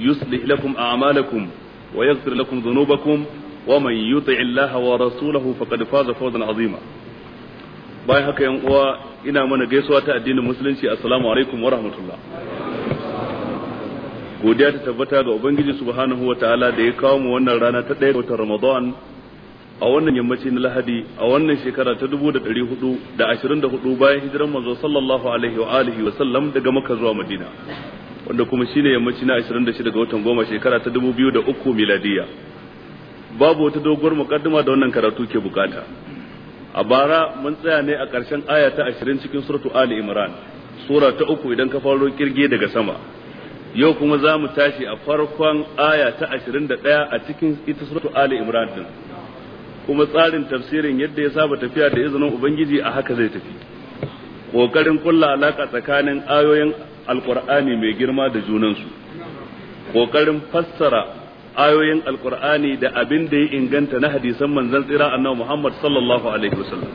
يصلح لكم أعمالكم ويغفر لكم ذنوبكم ومن يطع الله ورسوله فقد فاز فوزا عظيما bayan haka yan uwa ina mana gaisuwa ta addinin musulunci assalamu alaikum wa rahmatullah godiya ta tabbata ga ubangiji subhanahu wa da ya kawo mu wannan rana ta ɗaya watan ramadan a wannan yammaci na lahadi a wannan shekara ta dubu da ɗari hudu da ashirin da hudu bayan hijiran manzo sallallahu alaihi wa alihi wa sallam daga maka zuwa madina wanda kuma shine yammaci na 26 ga watan goma shekara ta 2003 miladiya babu wata doguwar mukaddima da wannan karatu ke bukata a bara mun tsaya ne a ƙarshen aya ta 20 cikin suratu ali imran sura ta uku idan ka faro kirge daga sama yau kuma za mu tashi a farkon aya ta 21 a cikin ita suratu ali imran din kuma tsarin tafsirin yadda ya saba tafiya da izinin ubangiji a haka zai tafi kokarin kulla alaka tsakanin ayoyin alqur'ani mai girma da junansu kokarin fassara ayoyin alqur'ani da abin da ya inganta na hadisan manzon tsira annabi Muhammad sallallahu alaihi wasallam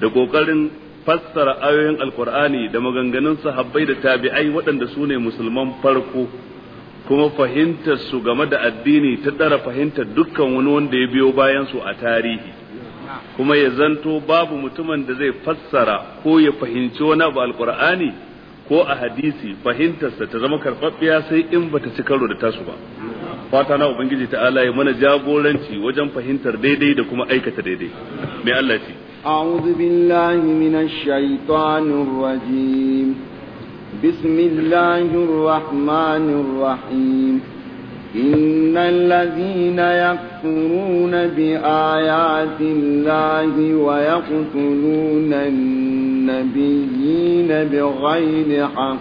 da kokarin fassara ayoyin alqur'ani da maganganun sahabbai da tabi'ai waɗanda su ne musulman farko kuma fahimtar su game da addini ta ɗara fahimtar dukkan wani wanda ya biyo bayan su a tarihi kuma ya zanto babu mutumin da zai fassara ko ya fahimci wani abu alqur'ani ko a hadisi fahimtarsa ta zama karfaffiya sai in bata ci karo da tasu ba fata na ubangiji ta ala mana jagoranci wajen fahimtar daidai da kuma aikata daidai mai Allah ce أعوذ بالله من الشيطان الرجيم بسم الله الرحمن الرحيم إن الذين يكفرون بآيات الله ويقتلون النبيين بغير حق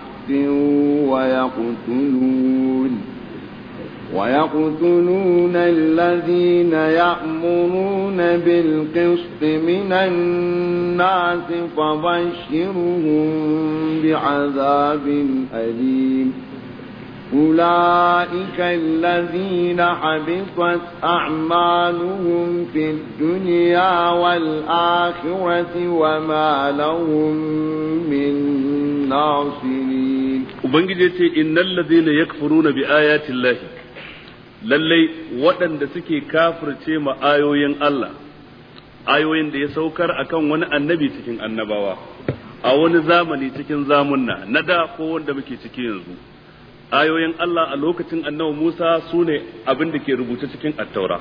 ويقتلون ويقتلون الذين يأمرون بالقسط من الناس فبشرهم بعذاب أليم أولئك الذين حبطت duniya, في الدنيا والآخرة وما لهم من ناصرين وبنجي إن الذين يكفرون بآيات الله lallai waɗanda suke kafurce ma ayoyin Allah ayoyin da ya saukar akan wani annabi cikin annabawa a wani zamani cikin zamunna na da ko wanda muke ciki yanzu ayoyin Allah a lokacin annabi Musa su ne abin da ke rubuce cikin attaura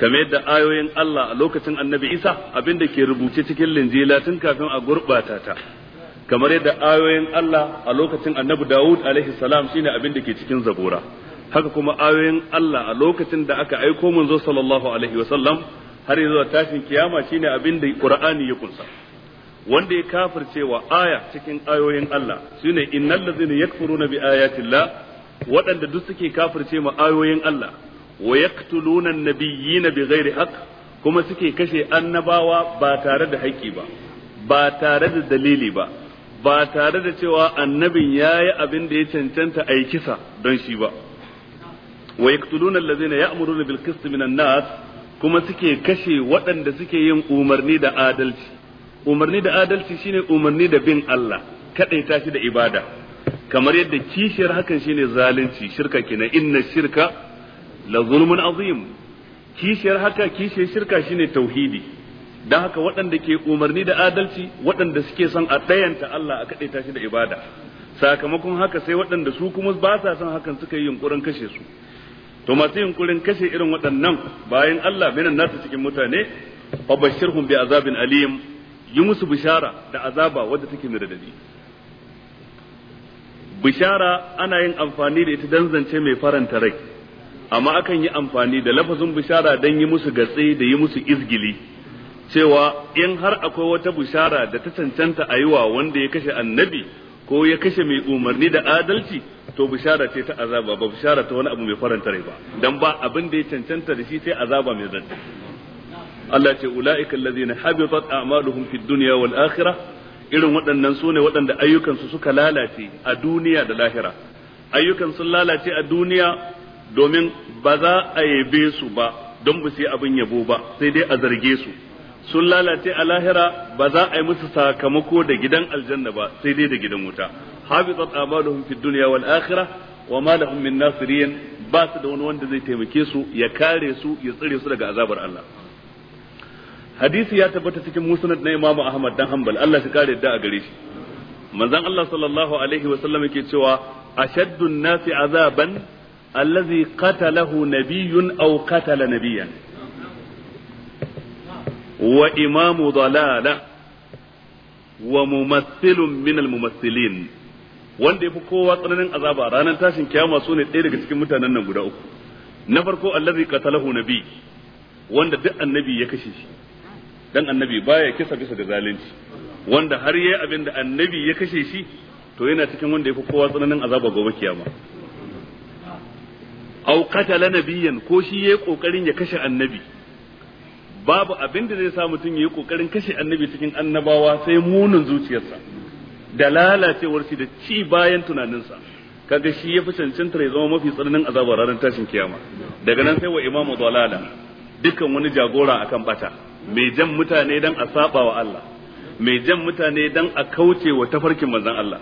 kamar yadda ayoyin Allah a lokacin annabi Isa abin da ke rubuce cikin linjila tun kafin a gurɓata ta kamar yadda ayoyin Allah a lokacin annabi Dawud alaihi salam shine abin da ke cikin zabura haka kuma ayoyin Allah a lokacin da aka aiko manzo sallallahu alaihi wasallam har zuwa tashin kiyama shine abin da Qur'ani ya kunsa wanda ya kafircewa aya cikin ayoyin Allah shine innal ladzina yakfuruna bi ayatillah waɗanda duk suke kafirce ma ayoyin Allah wa yaqtuluna an-nabiyyina bighairi haqq kuma suke kashe annabawa ba tare da haƙƙi ba ba tare da dalili ba ba tare da cewa annabin yayi abin da ya cancanta a kisa don shi ba wa yaqtuluna allazina ya'muruna bil qist minan nas kuma suke kashe waɗanda suke yin umarni da adalci umarni da adalci shine umarni da bin Allah kadaita shi da ibada kamar yadda kishiyar hakan shine zalunci shirka kenan inna shirka la zulmun azim kishiyar haka kishe shirka shine tauhidi dan haka waɗanda ke umarni da adalci waɗanda suke son a ɗayanta Allah a kadaita shi da ibada sakamakon haka sai waɗanda su kuma ba sa son hakan suka yi yunkurin kashe su to masu yunkurin kashe irin waɗannan bayan Allah minan nasu cikin mutane fa bashirhum bi azabin alim yi musu bishara da azaba wadda take mai radadi bishara ana yin amfani da ita don zance mai faranta rai amma akan yi amfani da lafazin bishara don yi musu gatse da yi musu izgili cewa in har akwai wata bishara da ta cancanta a yi wa wanda ya kashe annabi ko ya kashe mai umarni da adalci to bishara ce ta azaba ba bishara ta wani abu mai faranta rai ba don ba abin da ya cancanta da shi sai azaba mai zance Allah ce ula'ika allazina habitat a'maluhum fid dunya wal akhirah irin waɗannan sune waɗanda ayyukansu suka lalace a duniya da lahira ayyukan sun lalace a duniya domin ba za a yabe su ba don ba su yi abin yabo ba sai dai a zarge su sun lalace a lahira ba za a yi musu sakamako da gidan aljanna ba sai dai da gidan wuta habitat a'maluhum fid dunya wal akhirah wa ma lahum min nasirin ba su da wani wanda zai taimake su ya kare su ya tsare su daga azabar Allah hadisi ya tabbata cikin musnad na Imam Ahmad dan Hanbal Allah shi kare da a gare shi manzon Allah sallallahu alaihi wa sallam yake cewa ashaddu an-nasi azaban allazi qatalahu nabiyyun aw qatala nabiyyan wa imamu dalala wa mumassilun min al-mumassilin wanda yafi kowa tsananin azaba ranar tashin kiyama su ne ɗaya daga cikin mutanen nan guda uku na farko allazi qatalahu nabi wanda duk annabi ya kashe shi dan annabi baya kisa bisa da zalunci wanda har yayi abin da annabi ya kashe shi to yana cikin wanda yafi kowa tsananin azaba gobe kiyama aw qatala nabiyyan ko shi yayi kokarin ya kashe annabi babu abin da zai sa mutum yayi kokarin kashe annabi cikin annabawa sai munin zuciyarsa da lalacewar shi da ci bayan tunaninsa kaga shi ya fi cancantar ya zama mafi tsananin azabar ranar tashin kiyama daga nan sai wa imamu dalala dukkan wani jagora akan bata mai jan mutane dan a saba wa Allah mai jan mutane dan a kauce wa tafarkin manzon Allah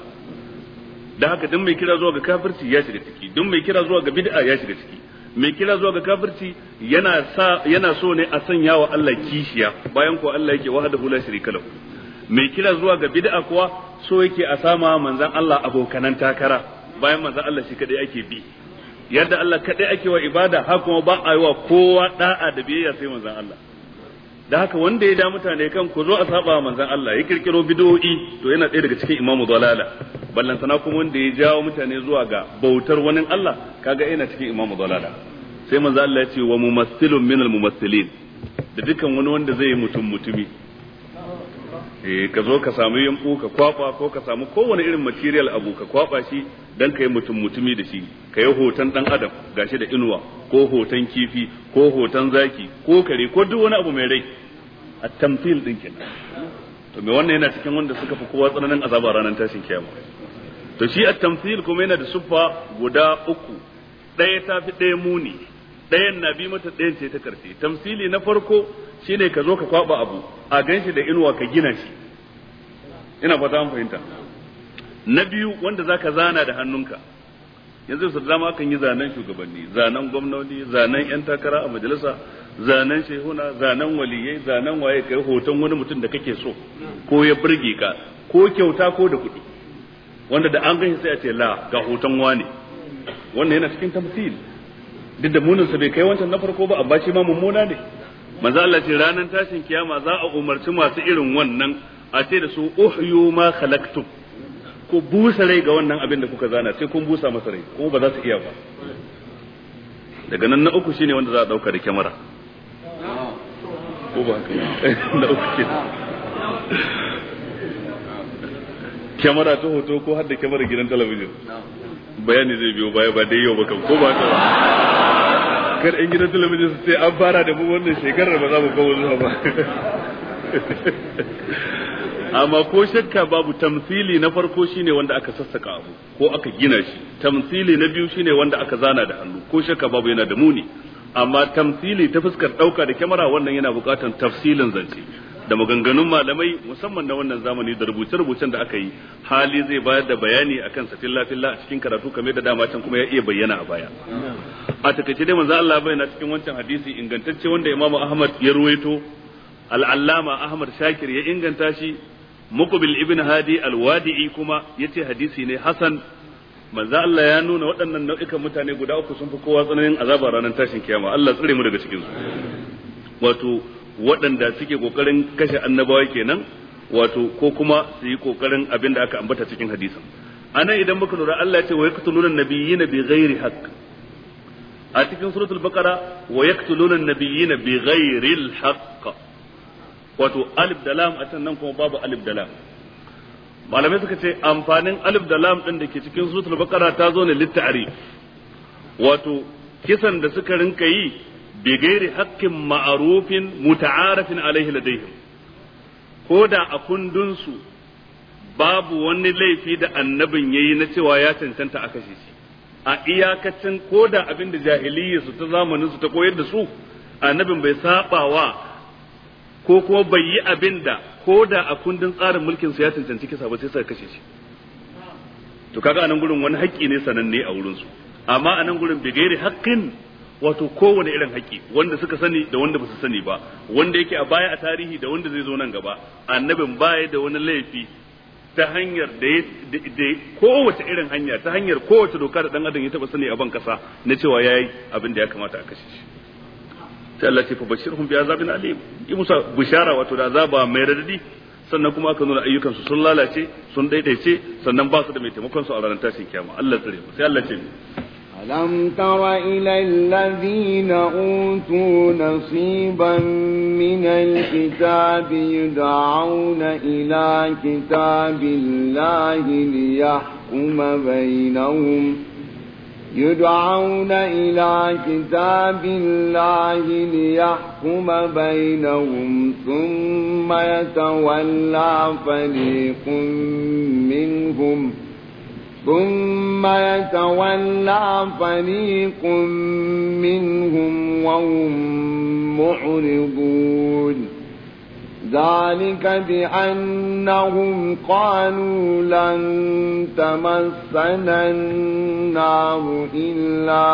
da haka duk mai kira zuwa ga kafirci ya shiga ciki duk mai kira zuwa ga bid'a ya shiga ciki mai kira zuwa ga kafirci yana sa yana so ne a sanya wa Allah kishiya bayan ko Allah yake wahdahu la sharika lahu mai kira zuwa ga bid'a kuwa so yake a sama manzon Allah abokanan takara bayan manzon Allah shi kadai ake bi yadda Allah kadai ake wa ibada haka kuma ba a yi wa kowa da'a da biyayya sai manzon Allah da haka wanda ya da mutane kan ku zo a saba manzon Allah ya kirkiro bid'o'i to yana ɗaya daga cikin imamu dalala ballantana kuma wanda ya jawo mutane zuwa ga bautar wani Allah kaga yana cikin imamu dalala sai manzon Allah ya ce wa mumassilun minal mumassilin da dukkan wani wanda zai yi mutum mutumi eh ka zo ka samu yanku ka kwaba ko ka samu kowane irin material abu ka kwaba shi dan ka yi mutum mutumi da shi ka hoton dan adam gashi da inuwa ko hoton kifi ko hoton zaki ko kare ko duk wani abu mai rai A tamfil din kenan to me wannan yana cikin wanda suka fi kowa tsananin azaba ranar tashin kiyama to shi at-tamthil kuma yana da suffa guda uku ɗaya ta fi ɗaya muni ɗayan na bi mata ɗayan ce ta karfe tamsili na farko shine ka zo ka kwaba abu a ganshi da inuwa ka gina shi ina fata an fahimta na biyu wanda zaka zana da hannunka yanzu su dama kan yi zanen shugabanni zanen gwamnoni zanen yan takara a majalisa zanen shehuna zanen waliyai zanen waye kai hoton wani mutum da kake so ko ya burge ka ko kyauta ko da kuɗi wanda da an gani sai a ce la ga hoton wani wannan yana cikin tamthil duk da munin sa bai kai wancan na farko ba amma shi ma mummuna ne manzo Allah ce ranar tashin kiyama za a umarci masu irin wannan a ce da su uhyu ma khalaqtum ko busa rai ga wannan abin da kuka zana sai kun busa masa rai kuma ba za su iya ba daga nan na uku shine wanda za a dauka da kyamara ko ba na uku ke kyamara ta hoto ko har da kyamara gidan talabijin bayani zai biyo baya ba dai yau ba kan ko ba ta ba kar in gidan talabijin su sai an fara da mu wannan shekarar ba za mu kawo zuwa ba amma ko shakka babu tamsili na farko shine wanda aka sassaka abu ko aka gina shi tamsili na biyu shine wanda aka zana da hannu ko shakka babu yana da muni amma tamsili ta fuskar ɗauka da kyamara wannan yana bukatar tafsilin zance da maganganun malamai musamman na wannan zamani da rubuce-rubucen da aka yi hali zai bayar da bayani akan sa filla-filla a cikin karatu kame da dama can kuma ya iya bayyana a baya a takaice dai manzo Allah bayyana cikin wancan hadisi ingantacce wanda Imam Ahmad ya ruwaito al-Allama Ahmad Shakir ya inganta shi muqbil ibn hadi al-wadi'i kuma yace hadisi ne hasan manzo Allah ya nuna waɗannan nau'ikan mutane guda uku sun fi kowa tsananin azaba ranar tashin kiyama Allah tsare mu daga cikin su wato waɗanda suke kokarin kashe annabawa kenan wato ko kuma su yi kokarin abin da aka ambata cikin hadisin anan idan muka lura Allah ya ce wa yaqtuluna nabiyina bi ghairi haqq a cikin suratul baqara wa yaqtuluna nabiyina bi ghairi al haqq wato alif da lam a can nan kuma babu alif da lam malamai suka ce amfanin alif da lam din da ke cikin suratul baqara ta zo ne litta'ari wato kisan da suka rinka yi bi gairi haqqin ma'rufin muta'arifin alaihi ladaihim ko da a kundun su babu wani laifi da annabin yayi na cewa ya cancanta a kashe shi a iyakacin ko da abin da jahiliyyarsu ta zamanin su ta koyar da su annabin bai saba wa ko kuma bai yi abin da ko da a kundin tsarin mulkin su ya cancanci kisa ba sai suka kashe shi to kaga anan gurin wani haƙƙi ne sananne a wurin su amma anan gurin bigairi haƙƙin wato kowane irin haƙƙi wanda suka sani da wanda ba su sani ba wanda yake a baya a tarihi da wanda zai zo nan gaba annabin baya da wani laifi ta hanyar da ya kowace irin hanya ta hanyar kowace doka da dan adam ya taba sani a ban kasa na cewa yayi abin da ya kamata a kashe shi sai Allah ce fa bashirhum bi azabin alim yi musa bishara wato da azaba mai radadi sannan kuma aka nuna ayyukan su sun lalace sun daidaice sannan ba su da mai taimakon su a ranar tashin kiyama Allah tsare mu sai Allah ce ألم تر إلى الذين أوتوا نصيبا من الكتاب يدعون إلى كتاب الله ليحكم بينهم ۖ يدعون إلى كتاب الله ليحكم بينهم ثم يتولى فريق منهم ثم يتولى فريق منهم وهم معرضون ذلك بأنهم قالوا لن تمسنا النار إلا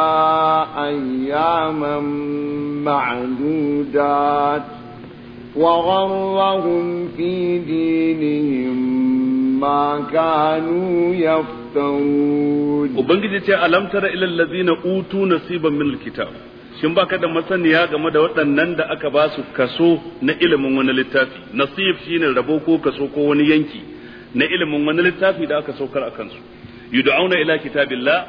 أياما معدودات وغرهم في دينهم ما كانوا يفترون وبنجد ألم تر إلى الذين أوتوا نصيبا من الكتاب shin baka da masaniya game da waɗannan da aka ba su kaso na ilimin wani littafi nasib shine rabo ko kaso ko wani yanki na ilimin wani littafi da aka saukar a kansu yud'auna ila kitabillah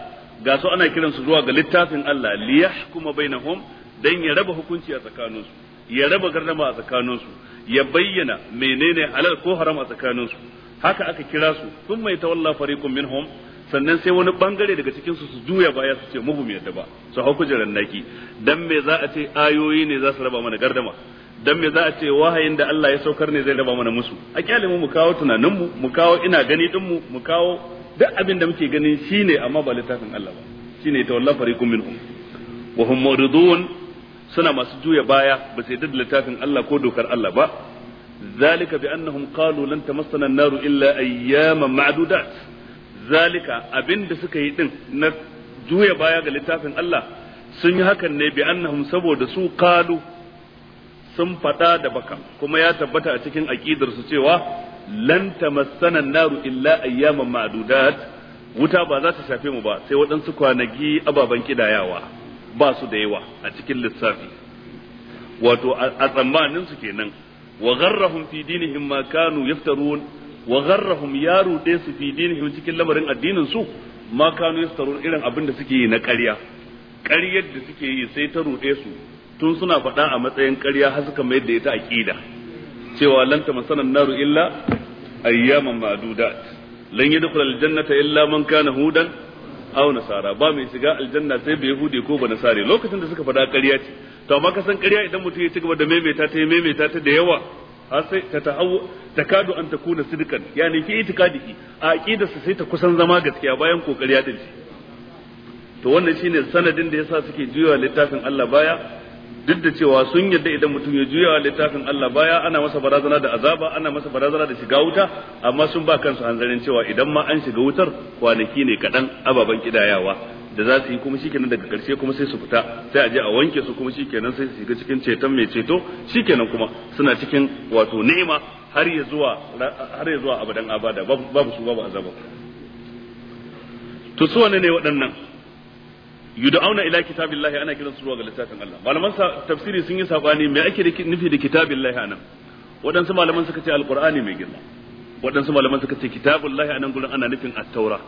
ga su ana kiran su zuwa ga littafin Allah li yahkuma bainahum dan ya raba hukunci a tsakaninsu ya raba gardama a tsakaninsu ya bayyana menene halal ko haram a tsakaninsu haka aka kira su tun mai tawalla fariqun minhum sannan sai wani bangare daga cikin su juya baya su ce mu yadda ba su hau kujeran naki dan me za a ce ayoyi ne za su raba mana gardama dan me za a ce wahayin da Allah ya saukar ne zai raba mana musu a kyalimu mu kawo tunanin mu mu kawo ina gani din mu mu kawo duk abin da muke ganin shine amma ba littafin Allah ba shine tawalla fariqum minhum wa hum muridun suna masu juya baya ba sai da littafin Allah ko dokar Allah ba ذلك بأنهم قالوا لن تمسنا النار إلا أياما معدودات zalika abinda suka yi din na juya baya ga littafin Allah sun yi hakan ne bi annahum saboda su qalu sun fada da baka kuma ya tabbata a cikin aqidar su cewa lan tamassana naru illa ayyaman ma'dudat wuta ba za ta shafe mu ba sai waɗansu kwanaki ababen kidayawa ba su da yawa a cikin lissafi wato a tsammanin su kenan wa gharrahum fi dinihim ma kanu yaftarun wa gharrahum ya rude su fi dinihim cikin lamarin addinin su ma kanu yastarun irin abin da suke yi na ƙarya ƙaryar da suke yi sai ta rude su tun suna faɗa a matsayin ƙarya har suka mai da ita aqida cewa lan masanan naru illa ayyaman ma'dudat lan yadkhul aljannata illa man kana hudan aw nasara ba mai shiga aljanna sai bai hude ko ba nasare lokacin da suka faɗa ƙarya ce to amma ka san ƙarya idan mutum ya ci gaba da maimaita ta maimaita ta da yawa har sai ta ta takadu an takuna sidqan yani fi ki a aqidarsa sai ta kusan zama gaskiya bayan kokari ya dace to wannan shine sanadin da yasa suke juyawa littafin Allah baya duk da cewa sun yadda idan mutum ya juyawa littafin Allah baya ana masa barazana da azaba ana masa barazana da shiga wuta amma sun ba kansu hanzarin cewa idan ma an shiga wutar kwanaki ne kaɗan ababen kidayawa da za su yi kuma shikenan daga karshe kuma sai su fita sai a je a wanke su kuma shikenan sai su shiga cikin ceton mai ceto shikenan kuma suna cikin wato ni'ima har ya zuwa har ya zuwa abadan abada babu su babu azaba to su ne waɗannan yud'auna ila kitabillahi ana kiran su zuwa ga littafin Allah malaman tafsiri sun yi sabani me ake nufi da kitabillahi anan waɗansu malaman suka ce alqur'ani mai girma waɗansu malaman suka ce kitabullahi anan gurin ana nufin at-taura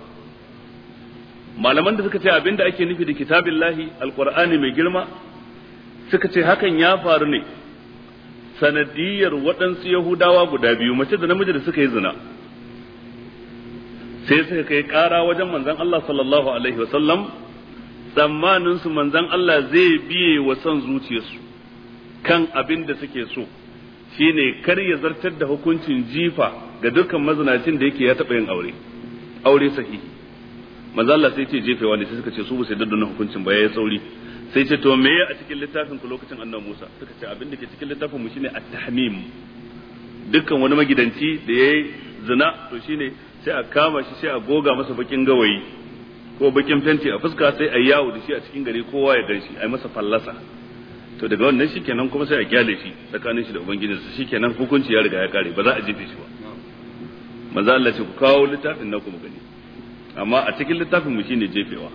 malaman da suka ce abin da ake nufi da kitabin lahi alkur'ani mai girma suka ce hakan ya faru ne sanadiyar waɗansu yahudawa guda biyu mace da namiji da suka yi zina sai suka kai ƙara wajen manzan Allah sallallahu alaihi wasallam tsammanin su manzan Allah zai biye wa son zuciyarsu kan abin da suke so shine kar ya zartar da hukuncin jifa ga dukkan mazinacin da yake ya taɓa yin aure aure sahihi manzo Allah sai ce jefe wani sai suka ce su ba su hukuncin ba yayi sauri sai ce to me a cikin littafin ku lokacin annabi Musa suka ce abin da ke cikin littafin mu shine at-tahmim dukkan wani magidanci da yayi zina to shine sai a kama shi sai a goga masa bakin gawayi ko bakin fenti a fuska sai a yawo da shi a cikin gari kowa ya ganshi ai masa fallasa to daga wannan shikenan kuma sai a gyale shi tsakanin shi da shi shikenan hukunci ya riga ya kare ba za a jefe shi ba manzo Allah ce ku kawo littafin na ku mu gani amma a cikin littafin mu shine jefewa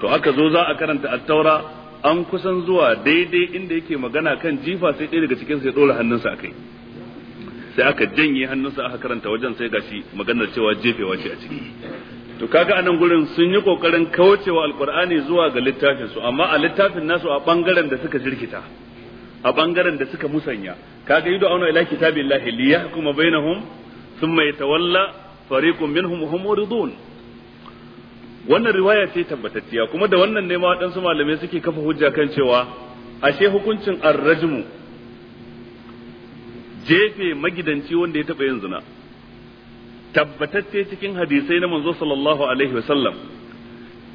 to aka zo za a karanta at-taura an kusan zuwa daidai inda yake magana kan jifa sai ɗaya daga cikin sai dora hannunsa akai sai aka janye hannunsa aka karanta wajen sai gashi maganar cewa jefewa ce a ciki to kaga anan gurin sun yi kokarin kaucewa alqur'ani zuwa ga littafin su amma a littafin nasu a bangaren da suka jirkita a bangaren da suka musanya kaga yudo auna ila kitabillahi liyahkuma bainahum thumma yatawalla fariqun minhum hum muridun wannan riwaya ce tabbatacciya kuma da wannan nema ma waɗansu malamai suke kafa hujja kan cewa ashe hukuncin arrajmu jefe magidanci wanda ya taɓa yin zina tabbatacce cikin hadisai na manzo sallallahu alaihi wasallam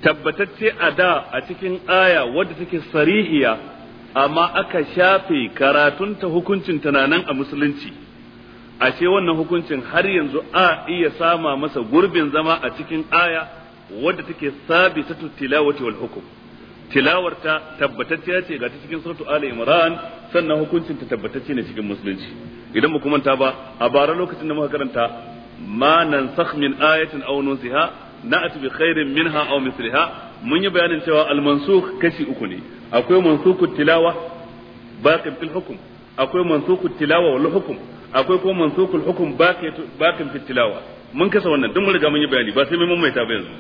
tabbatacce a da a cikin aya wadda take sarihiya amma aka shafe karatunta hukuncin tunanan a musulunci ashe wannan hukuncin har yanzu a iya sama masa gurbin zama a cikin aya wadda take sabitatu tilawati wal hukum tilawarta tabbatacciya ce ga ta cikin suratu ali imran sannan hukuncin ta tabbatacce ne cikin musulunci idan mu manta ba a bara lokacin da muka karanta ma nansakh min ayatin aw nunsiha na'ti bi khairin minha aw misliha mun yi bayanin cewa al mansukh kashi uku ne akwai mansukut tilawa baqin fil hukum akwai mansukut tilawa wal hukum akwai kuma mansukul hukm baqin fil tilawa mun kasa wannan duk mun riga mun yi bayani ba sai mun mai ba yanzu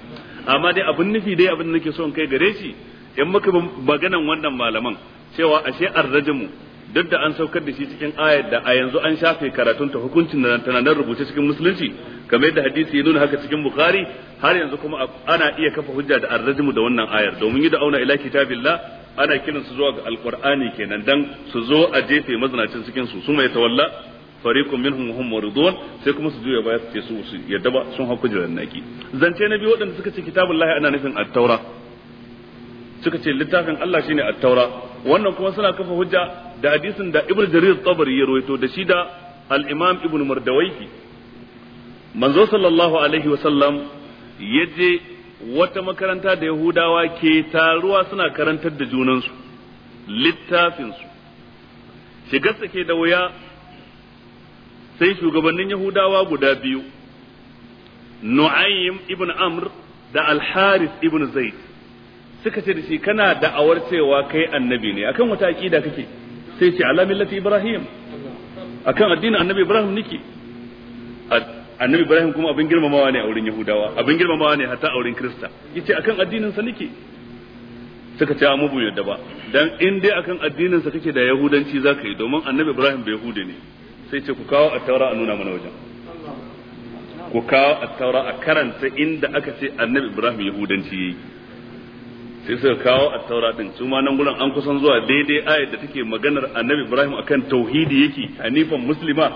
amma dai abin nufi dai abin da nake so in kai gare shi in muka maganan wannan malaman cewa ashe arrajmu duk da an saukar da shi cikin ayar da a yanzu an shafe karatun ta hukuncin nan tana nan rubuce cikin musulunci kamar yadda hadisi ya nuna haka cikin bukhari har yanzu kuma ana iya kafa hujja da arrajmu da wannan ayar domin yi da auna ila kitabillah ana kiransu zuwa ga alqur'ani kenan dan su zo a jefe mazinacin cikin su su mai tawalla fariqun minhum hum muridun sai kuma su juya baya su ce su yadda ba sun hakku jiran naki zance na biyu waɗanda suka ce lahi ana nufin at-taura suka ce littafin Allah shine at-taura wannan kuma suna kafa hujja da hadisin da ibnu Jarir Tabari ya ruwaito da shi da al-Imam ibnu Mardawaihi manzo sallallahu alaihi wasallam yaje wata makaranta da Yahudawa ke taruwa suna karantar da junansu littafinsu shigarsa ke da wuya sai shugabannin yahudawa guda biyu nu'aym ibn amr da al-haris ibn zaid suka ce da shi kana da'awar cewa kai annabi ne akan wata aqida kake sai ce ala millati ibrahim akan addinin annabi ibrahim niki annabi ibrahim kuma abin girmamawa ne a wurin yahudawa abin girmamawa ne hatta a wurin krista yace akan addinin sa niki suka ce mu bu yadda ba dan in dai akan addinin sa kake da yahudanci zaka yi domin annabi ibrahim bai yahude ne sai ce ku kawo a taura a nuna mana wajen ku kawo a taura a karanta inda aka ce annabi ibrahim yahudanci yayi sai suka kawo taura din su ma nan gurin an kusan zuwa daidai ayar da take maganar annabi ibrahim akan tauhidi yake hanifan muslima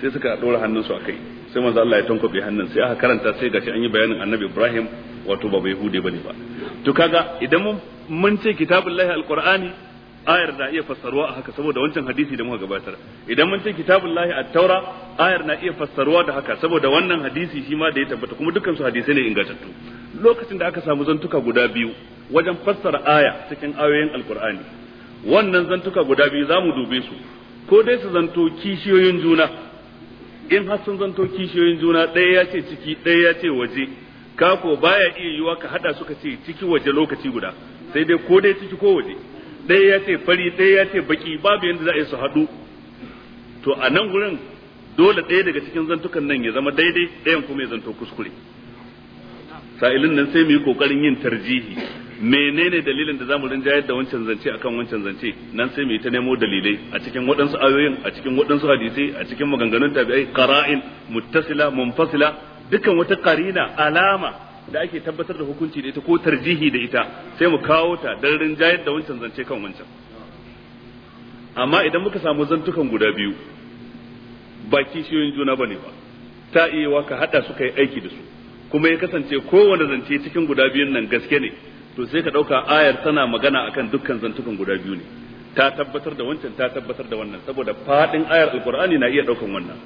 sai suka dora hannunsu a kai sai manzo Allah ya tankobe hannun sai aka karanta sai gashi an yi bayanin annabi ibrahim wato ba bai hude bane ba to kaga idan mun mun ce kitabullahi alqur'ani ayar na iya fassaruwa a haka saboda wancan hadisi da muka gabatar idan mun ce kitabullahi at-taura ayar na iya fassaruwa da haka saboda wannan hadisi shi ma da ya tabbata kuma dukkan su hadisai ne ingantattu lokacin da aka samu zantuka guda biyu wajen fassara aya cikin ayoyin alkur'ani wannan zantuka guda biyu za mu dube su ko dai su zanto kishiyoyin juna in har sun zanto kishiyoyin juna ɗaya ya ce ciki ɗaya ya ce waje kako baya iya yiwa ka hada suka ce ciki waje lokaci guda sai dai ko dai ciki ko waje ɗaya ya ce fari ɗaya ya ce baki babu yadda za a yi su haɗu to a nan gurin dole ɗaya daga cikin zantukan nan ya zama daidai ɗayan kuma ya zanto kuskure sa'ilin nan sai mu yi kokarin yin tarjihi menene dalilin da zamu rinjayar da wancan zance akan wancan zance nan sai mu yi ta nemo dalilai a cikin waɗansu ayoyin a cikin waɗansu hadisai a cikin maganganun tabi'ai qara'in muttasila munfasila dukan wata qarina alama da ake tabbatar da hukunci da ita ko tarjihi da ita sai mu kawo ta dan rinjayar da wancan zance kan wancan amma idan muka samu zantukan guda biyu ba kishiyoyin juna bane ba ta iya wa ka hada su kai aiki da su kuma ya kasance kowane zance cikin guda biyun nan gaske ne to sai ka dauka ayar tana magana akan dukkan zantukan guda biyu ne ta tabbatar da wancan ta tabbatar da wannan saboda fadin ayar alqur'ani na iya daukan wannan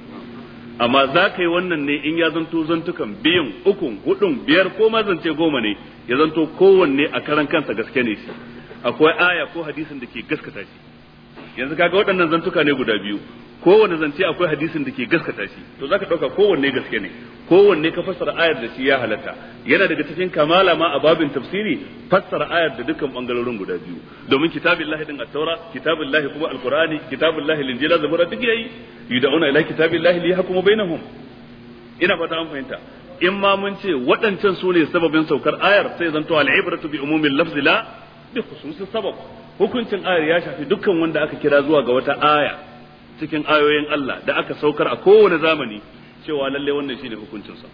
amma za ka yi wannan ne in ya zanto zantukan biyun ukun hudun biyar ko ma zance goma ne ya zanto kowanne a karan kansa gaske ne shi akwai aya ko hadisin da ke gaskata shi yanzu kaga waɗannan zantuka ne guda biyu kowane zance akwai hadisin da ke gaskata shi to zaka dauka kowanne gaske ne kowanne ka fassara ayar da shi ya halatta yana daga cikin kamala ma a babin tafsiri fassara ayar da dukkan bangarorin guda biyu domin kitabillahi din at-taura kitabillahi kuma alqur'ani kitabillahi linjila zabura duk yayi yud'una ila kitabillahi liyahkuma bainahum ina fata an fahimta in ma mun ce waɗancan su ne sababin saukar ayar sai zanto al-ibratu bi umumil lafzi la bi khususis sabab hukuncin ayar ya shafi dukkan wanda aka kira zuwa ga wata aya cikin ayoyin Allah da aka saukar a kowane zamani cewa lalle wannan shine hukuncinsa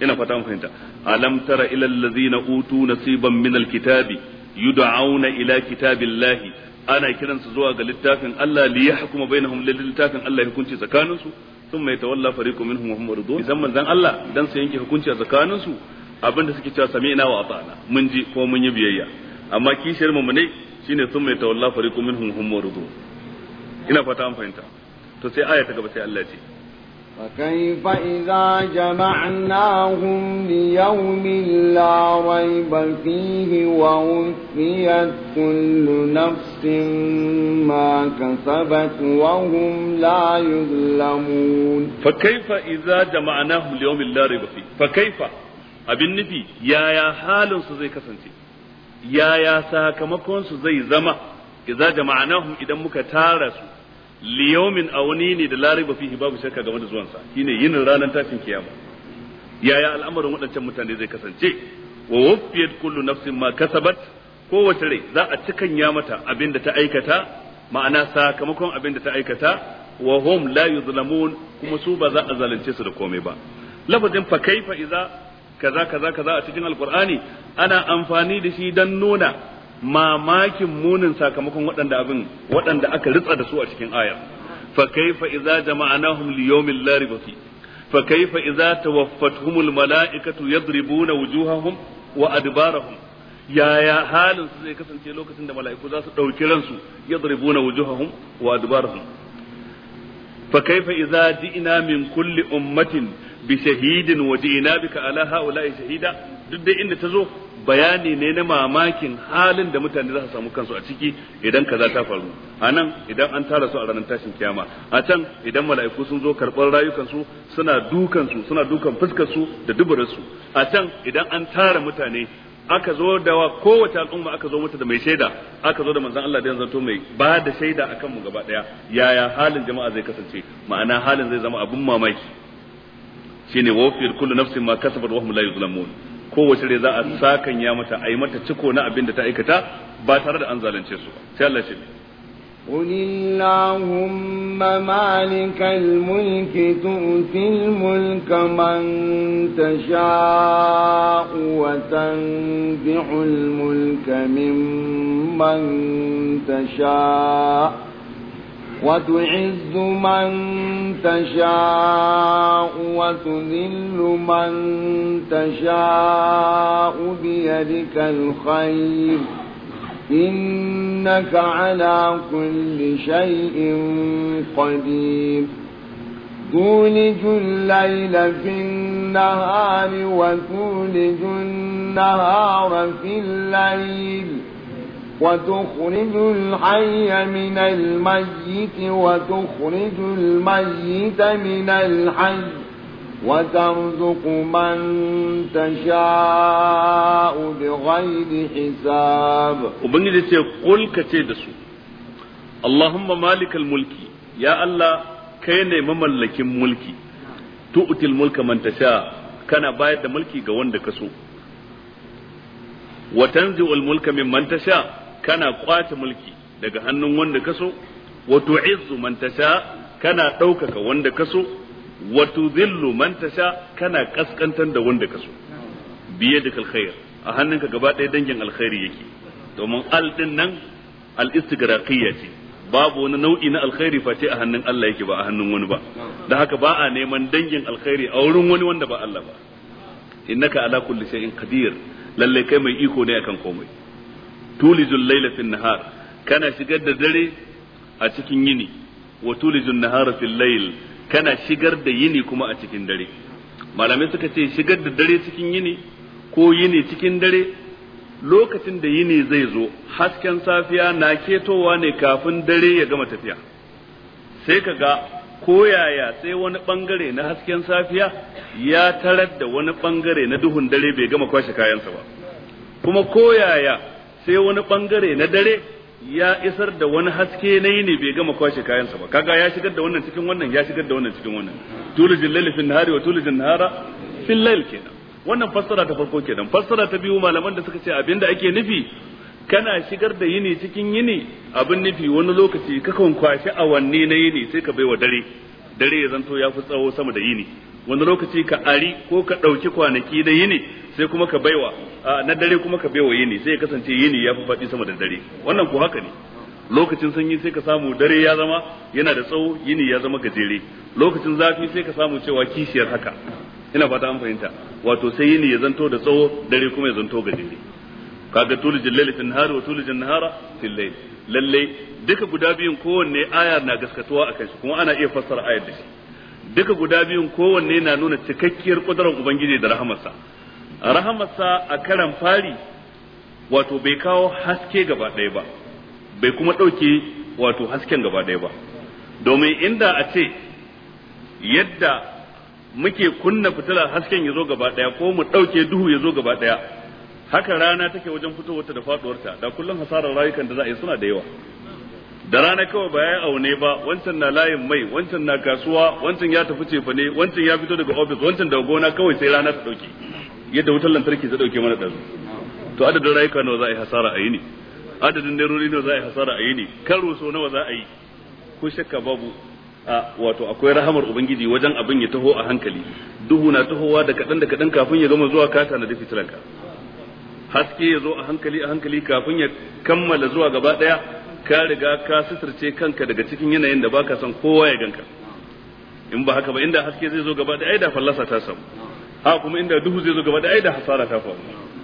ina fata mun fahimta alam tara ilal ladzina utu nasiban min alkitabi yud'auna ila kitabillahi ana kiran su zuwa ga littafin Allah li yahkuma bainahum littafin Allah hukunci tsakaninsu thumma yatawalla fariqu minhum wa hum muridun idan manzon Allah dan sai yanke hukunci a tsakaninsu abinda suke cewa sami'na wa ata'na mun ji ko mun yi biyayya amma kishiyar mu ne shine thumma yatawalla fariqu minhum wa hum muridun ina fata an fahimta to sai aya ta gaba sai Allah ce فكيف إذا جمعناهم ليوم لا ريب فيه ووفيت كل نفس ما كسبت وهم لا يظلمون فكيف إذا جمعناهم ليوم لا ريب فيه فكيف abin nufi yaya halinsu zai kasance yaya sakamakonsu zai zama iza jama'anahum idan muka tara su liyaumin Awani ne da lariba fihi babu shakka game da zuwansa shine yin ranar tashin kiyama yaya al'amarin waɗancan mutane zai kasance wa wufiyat kullu nafsin ma kasabat kowace rai za a cikan ya mata abin da ta aikata ma'ana sakamakon abin da ta aikata wa hum la yuzlamun kuma su ba za a zalunce su da komai ba lafazin fa kaifa iza kaza kaza kaza a cikin alqur'ani ana amfani da shi dan nuna mamakin munin sakamakon waɗanda abin waɗanda aka ritsa da su a cikin aya fa kaifa idza jama'anahum li yawmin la fa kaifa idza tawaffatuhumul mala'ikatu yadribuna wujuhahum wa adbarahum yaya halin su zai kasance lokacin da mala'iku za su dauki ransu yadribuna wujuhahum wa adbarahum fa kaifa idza ji'na min kulli ummatin bi shahidin wa ji'na bika ala ha'ula'i shahida duk dai inda ta zo bayani ne na mamakin halin da mutane za su samu kansu a ciki idan kaza ta faru a nan idan an tara su a ranar tashin kiyama a can idan mala'iku sun zo karɓar rayukansu suna dukansu suna dukan fuskarsu da su a can idan an tara mutane aka zo da wa kowace al'umma aka zo mata da mai shaida aka zo da manzon Allah da yanzu mai ba da shaida akan mu gaba daya yaya halin jama'a zai kasance ma'ana halin zai zama abun mamaki shine wafir kullu nafsin ma kasabat wa hum la yuzlamun kowace rai za a sakan ya mata a yi mata ciko na abin da ta aikata ba tare da an zalunce su ba sai Allah ce قل اللهم مالك الملك تؤتي الملك من تشاء وتنزع الملك ممن تشاء وتعز من تشاء وتذل من تشاء بيدك الخير إنك على كل شيء قدير تولج الليل في النهار وتولج النهار في الليل وتخرج الحي من الميت وتخرج الميت من الحي وترزق من تشاء بغير حساب وبنجد قل كتيدسو اللهم مالك الملك يا الله كين مملك الملك تؤتي الملك من تشاء كان بايد ملكي ga wanda kaso وتنزع الملك ممن تشاء kana kwace mulki daga hannun wanda kaso wa tu'izzu man tasha kana ɗaukaka wanda kaso wa zillu man tasha kana kaskantar da wanda kaso biye da alkhair a hannunka gaba ɗaya dangin alkhairi yake domin al din nan al istighraqiyya ce babu wani nau'i na alkhairi face a hannun Allah yake ba a hannun wani ba da haka ba a neman dangin alkhairi a wurin wani wanda ba Allah ba innaka ala kulli shay'in qadir lalle kai mai iko ne akan komai tulijul laila fil nahar kana shigar da dare a cikin yini wa tulijul nahar fil layl kana shigar da yini kuma a cikin dare malamai suka ce shigar da dare cikin yini ko yini cikin dare lokacin da yini zai zo hasken safiya na ketowa ne kafin dare ya gama tafiya sai kaga ga yaya sai wani bangare na hasken safiya ya tarar da wani bangare na duhun dare bai gama kwashe kayansa ba kuma ko yaya. sai wani bangare na dare ya isar da wani haske na yini bai gama kwashe kayansa ba kaga ya shigar da wannan cikin wannan ya shigar da wannan cikin wannan tulujin laili fil nahari wa tulujin nahara fil lail kenan wannan fassara ta farko kenan fassara ta biyu malaman da suka ce abinda ake nufi kana shigar da yini cikin yini abin nufi wani lokaci kakan kwashe awanni na yini sai ka baiwa dare dare ya zanto ya fi tsawo sama da yini wani lokaci ka ari ko ka ɗauki kwanaki da yini sai kuma ka baiwa na dare kuma ka baiwa yini sai ya kasance yini ya fi faɗi sama da dare wannan ko haka ne lokacin sanyi sai ka samu dare ya zama yana da tsawo yini ya zama gajere lokacin zafi sai ka samu cewa kishiyar haka ina fata an fahimta wato sai yini ya zanto da tsawo dare kuma ya zanto gajere kaga tulijin laili fil nahari wa tulijin nahara fil layl lalle duka guda biyun kowanne aya na gaskatuwa akan shi kuma ana iya fassara ayar da shi duka guda biyun kowanne na nuna cikakkiyar kudurar ubangiji da rahamarsa rahamarsa a karan fari wato bai kawo haske gaba ɗaya ba bai kuma ɗauke wato hasken gaba ɗaya ba domin inda a ce yadda muke kunna fitilar hasken ya zo gaba ɗaya ko mu ɗauke duhu ya zo gaba ɗaya haka rana take wajen fitowarta da faɗuwarta da kullum hasarar rayukan da za a yi suna da yawa da rana kawai ba ya aune ba wancan na layin mai wancan na kasuwa wancan ya tafi cefa ne wancan ya fito daga ofis wancan daga gona kawai sai rana ta dauke yadda wutar lantarki ta dauke mana ɗazu. to adadin rayuka nawa za a yi hasara a yi ne adadin nerori nawa za a yi hasara a yi ne karo so nawa za a yi ko shakka babu a wato akwai rahamar ubangiji wajen abin ya taho a hankali duhu na tahowa da kaɗan da kaɗan kafin ya gama zuwa kata na dafi fitilanka. haske ya zo a hankali a hankali kafin ya kammala zuwa gaba ɗaya. ka riga ka suturce kanka daga cikin yanayin da baka son kowa ya ganka in ba haka ba inda haske zai zo gaba da ai da fallasa ta samu ha kuma inda duhu zai zo gaba da ai da hasara ta faru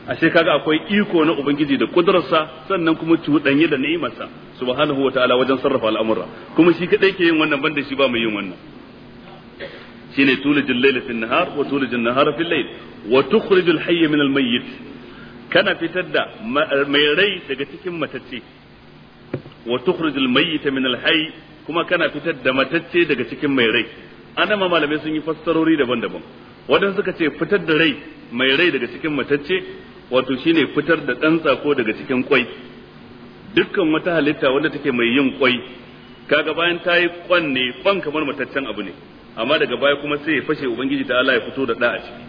ashe kaga akwai iko na ubangiji da kudurarsa sannan kuma cuɗanye da ni'imarsa subhanahu wataala wajen sarrafa al'amura kuma shi kadai ke yin wannan banda shi ba mai yin wannan shine tulujul layli fil nahar wa tulujul nahara fil layl wa tukhrijul hayya min al mayyit kana fitar da mai rai daga cikin matacce wa tukhrijul mayyita min al-hayy kuma kana fitar da matacce daga cikin mai rai anan ma malamai sun yi fassarori daban-daban wadan suka ce fitar da rai mai rai daga cikin matacce wato shine fitar da dan tsako daga cikin kwai dukkan wata halitta wanda take mai yin kwai kaga bayan ta yi kwan ne kwan kamar mataccen abu ne amma daga baya kuma sai ya fashe ubangiji ta Allah ya fito da da a ciki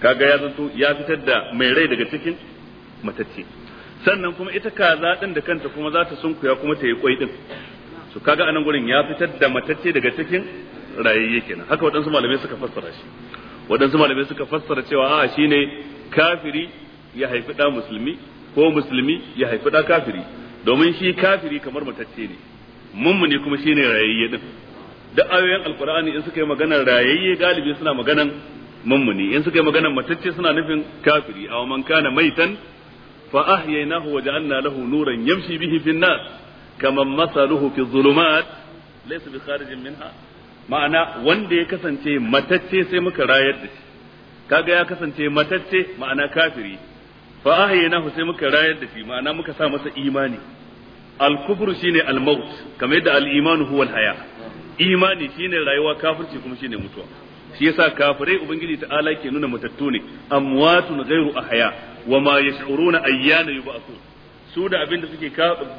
kaga ya zanto ya fitar da mai rai daga cikin matacce sannan kuma ita kaza ɗin da kanta kuma za ta sunkuya kuma ta yi kwai din to kaga anan gurin ya fitar da matacce daga cikin rayayye kenan haka waɗansu malamai suka fassara shi waɗansu malamai suka fassara cewa a shine kafiri ya haifi ɗa musulmi ko musulmi ya haifi ɗa kafiri domin shi kafiri kamar matacce ne mummuni kuma shine rayayye din duk ayoyin alkur'ani in suka yi maganar rayayye galibi suna maganan mummuni in suka yi maganar matacce suna nufin kafiri aw man kana maitan fa ahyaynahu wa ja'alna lahu nuran yamshi bihi fin nas kaman masaluhu fi dhulumat laysa bi kharijin minha ma'ana wanda ya kasance matacce sai muka rayar da shi kaga ya kasance matacce ma'ana kafiri fa ahyaynahu sai muka rayar da shi ma'ana muka sa masa imani al shine yadda haya imani shine rayuwa kafirci kuma shine mutuwa shi yasa kafirai ubangiji ta'ala ke nuna matattu ne amwatun ghairu ahya wa ma yash'uruna ayyana yub'athun su da abinda da suke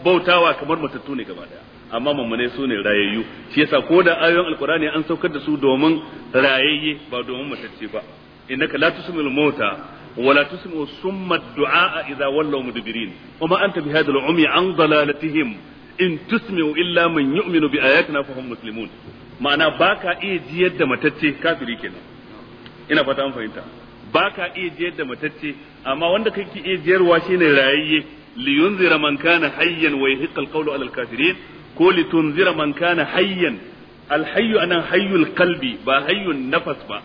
bautawa kamar matattu ne gaba daya amma mummune su ne rayayyu shi yasa ko da ayoyin alkur'ani an saukar da su domin rayayye ba domin matacce ba innaka la tusmil mauta ولا تسمع ثم الدعاء إذا ولوا مدبرين وما أنت بهذا العمي in ضلالتهم illa تسمع إلا من يؤمن بآياتنا فهم مسلمون ma'ana baka iya jiyar da matacce kafiri kenan ina fata an fahimta ba ka iya jiyar da matacce amma wanda kake iya jiyarwa shine rayayye li yunzira man kana hayyan wa yahiqqa al-qawlu ala al-kafirin ko li tunzira man kana hayyan al-hayyu anan hayyul qalbi ba hayyun nafas ba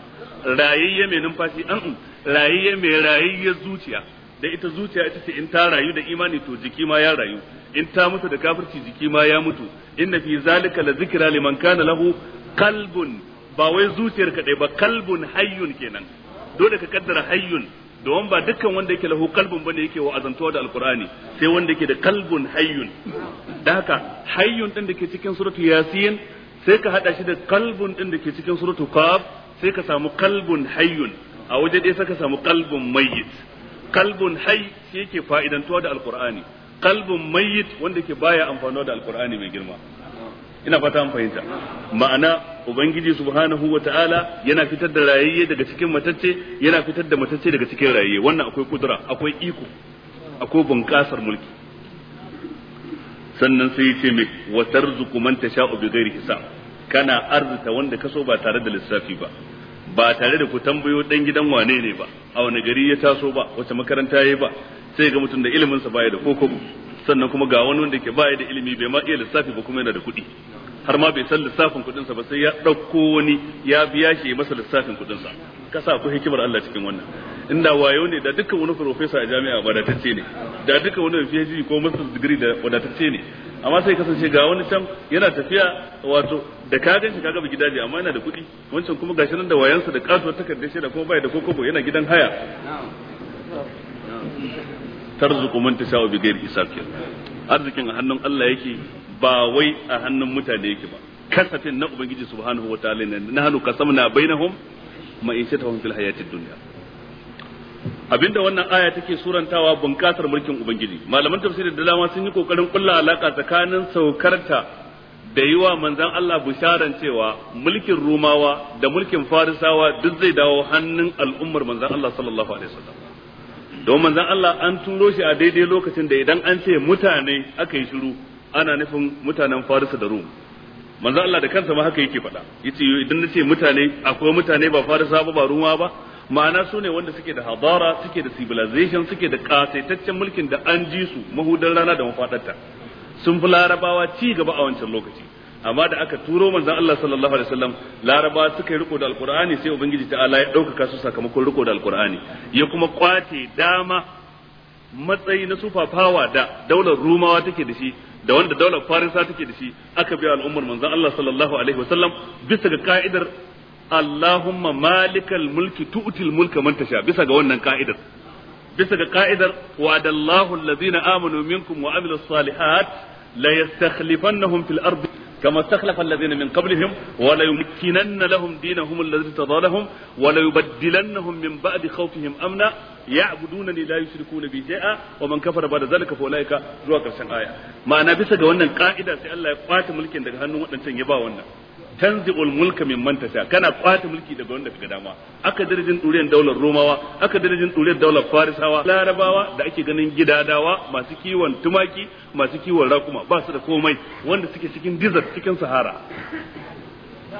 rayayye mai numfashi an rayayye mai rayayye zuciya da ita zuciya ita ce in ta rayu da imani to jiki ma ya rayu in ta mutu da kafirci jiki ma ya mutu inna fi zalika la zikra liman kana lahu qalbun ba wai zuciyar kadai ba kalbun hayyun kenan dole ka kaddara hayyun domin ba dukkan wanda yake lahu kalbun bane yake wa'azantuwa da alqur'ani sai wanda yake da kalbun hayyun da haka hayyun din da ke cikin suratu yasin sai ka hada shi da kalbun din da ke cikin suratu qaf sai ka samu kalbun hayyun a waje dai sai ka samu kalbun mayyit kalbun hayy shi yake fa'idantuwa da alqur'ani kalbun mayyit wanda ke baya amfanuwa da alqur'ani mai girma ina fata an fahimta ma'ana ubangiji subhanahu wataala yana fitar da rayayye daga cikin matacce yana fitar da matacce daga cikin rayayye wannan akwai kudura akwai iko akwai bunƙasar mulki sannan sai ya ce me wa tarzuqu man tasha'u bi ghairi hisab kana arzuta wanda kaso ba tare da lissafi ba ba tare da ku tambayo dan gidan wane ne ba a wani gari ya taso ba wace makaranta yayi ba sai ga mutum da ilimin sa baya da kokobu sannan kuma ga wani wanda ke baya da ilimi bai ma iya lissafi ba kuma yana da kuɗi har ma bai san lissafin kuɗin sa ba sai ya ɗauko wani ya biya shi masa lissafin kuɗin sa kasa ku hikimar Allah cikin wannan inda wayo ne da dukkan wani profesa a jami'a wadatacce ne da dukkan wani PhD ko master degree da wadatacce ne amma sai kasance ga wani can yana tafiya wato da ka ganshi kaga bi gidaje amma yana da kuɗi wancan kuma gashi nan da wayansa da kasuwar takardar shi da ko bai da kokobo yana gidan haya tarzuqu man tasawu bi ghairi hisab arzikin a hannun Allah yake ba wai a hannun mutane yake ba kasafin na ubangiji subhanahu wa ta'ala ne na hanu kasamna bainahum shatahum fil hayatid dunya abinda wannan aya take surantawa bunƙasar mulkin ubangiji malaman tafsiri da dama sun yi kokarin kulla alaka tsakanin saukarta da yiwa manzon Allah bisharan cewa mulkin rumawa da mulkin farisawa duk zai dawo hannun al'ummar manzon Allah sallallahu alaihi wasallam don manzon Allah an turo shi a daidai lokacin da idan an ce mutane aka yi shiru ana nufin mutanen farisa da rum manzo Allah da kansa ma haka yake faɗa yace idan nace mutane akwai mutane ba farisa ba ba ruwa ba ma'ana su ne wanda suke da hadara suke da civilization suke da kasaitaccen mulkin da an ji su mahudan rana da mafadarta sun fi larabawa ci gaba a wancan lokaci amma da aka turo manzon Allah sallallahu alaihi wasallam larabawa suka yi riko da alqur'ani sai ubangiji ta'ala ya ɗaukaka su sakamakon riko da alqur'ani ya kuma kwace dama matsayi na sufafawa da daular rumawa take da shi da wanda daular farisa take da shi aka biya al'ummar manzon Allah sallallahu alaihi wasallam bisa ga ka'idar Allahumma malikal mulki tu'til mulka man tasha bisa ga wannan ka'idar bisa ga ka'idar wa'adallahu allazina amanu minkum wa amilus salihat la yastakhlifannahum fil ardi كما استخلف الذين من قبلهم وليمكنن لهم دينهم الذي ارتضى لهم وليبدلنهم من بعد خوفهم امنا يعبدونني لا يشركون بي شيئا ومن كفر بعد ذلك فاولئك zuwa karshen aya ma'ana bisa ga wannan ka'ida sai Allah ya kwata mulkin daga hannun waɗancan ya ba wannan tanzi'ul mulka mimman tasha kana kwata mulki daga wanda suka dama aka darajin duriyar daular romawa aka darajin duriyar daular farisawa larabawa da ake ganin gidadawa masu kiwon tumaki masu kiwon rakuma ba su da komai wanda suke cikin desert cikin sahara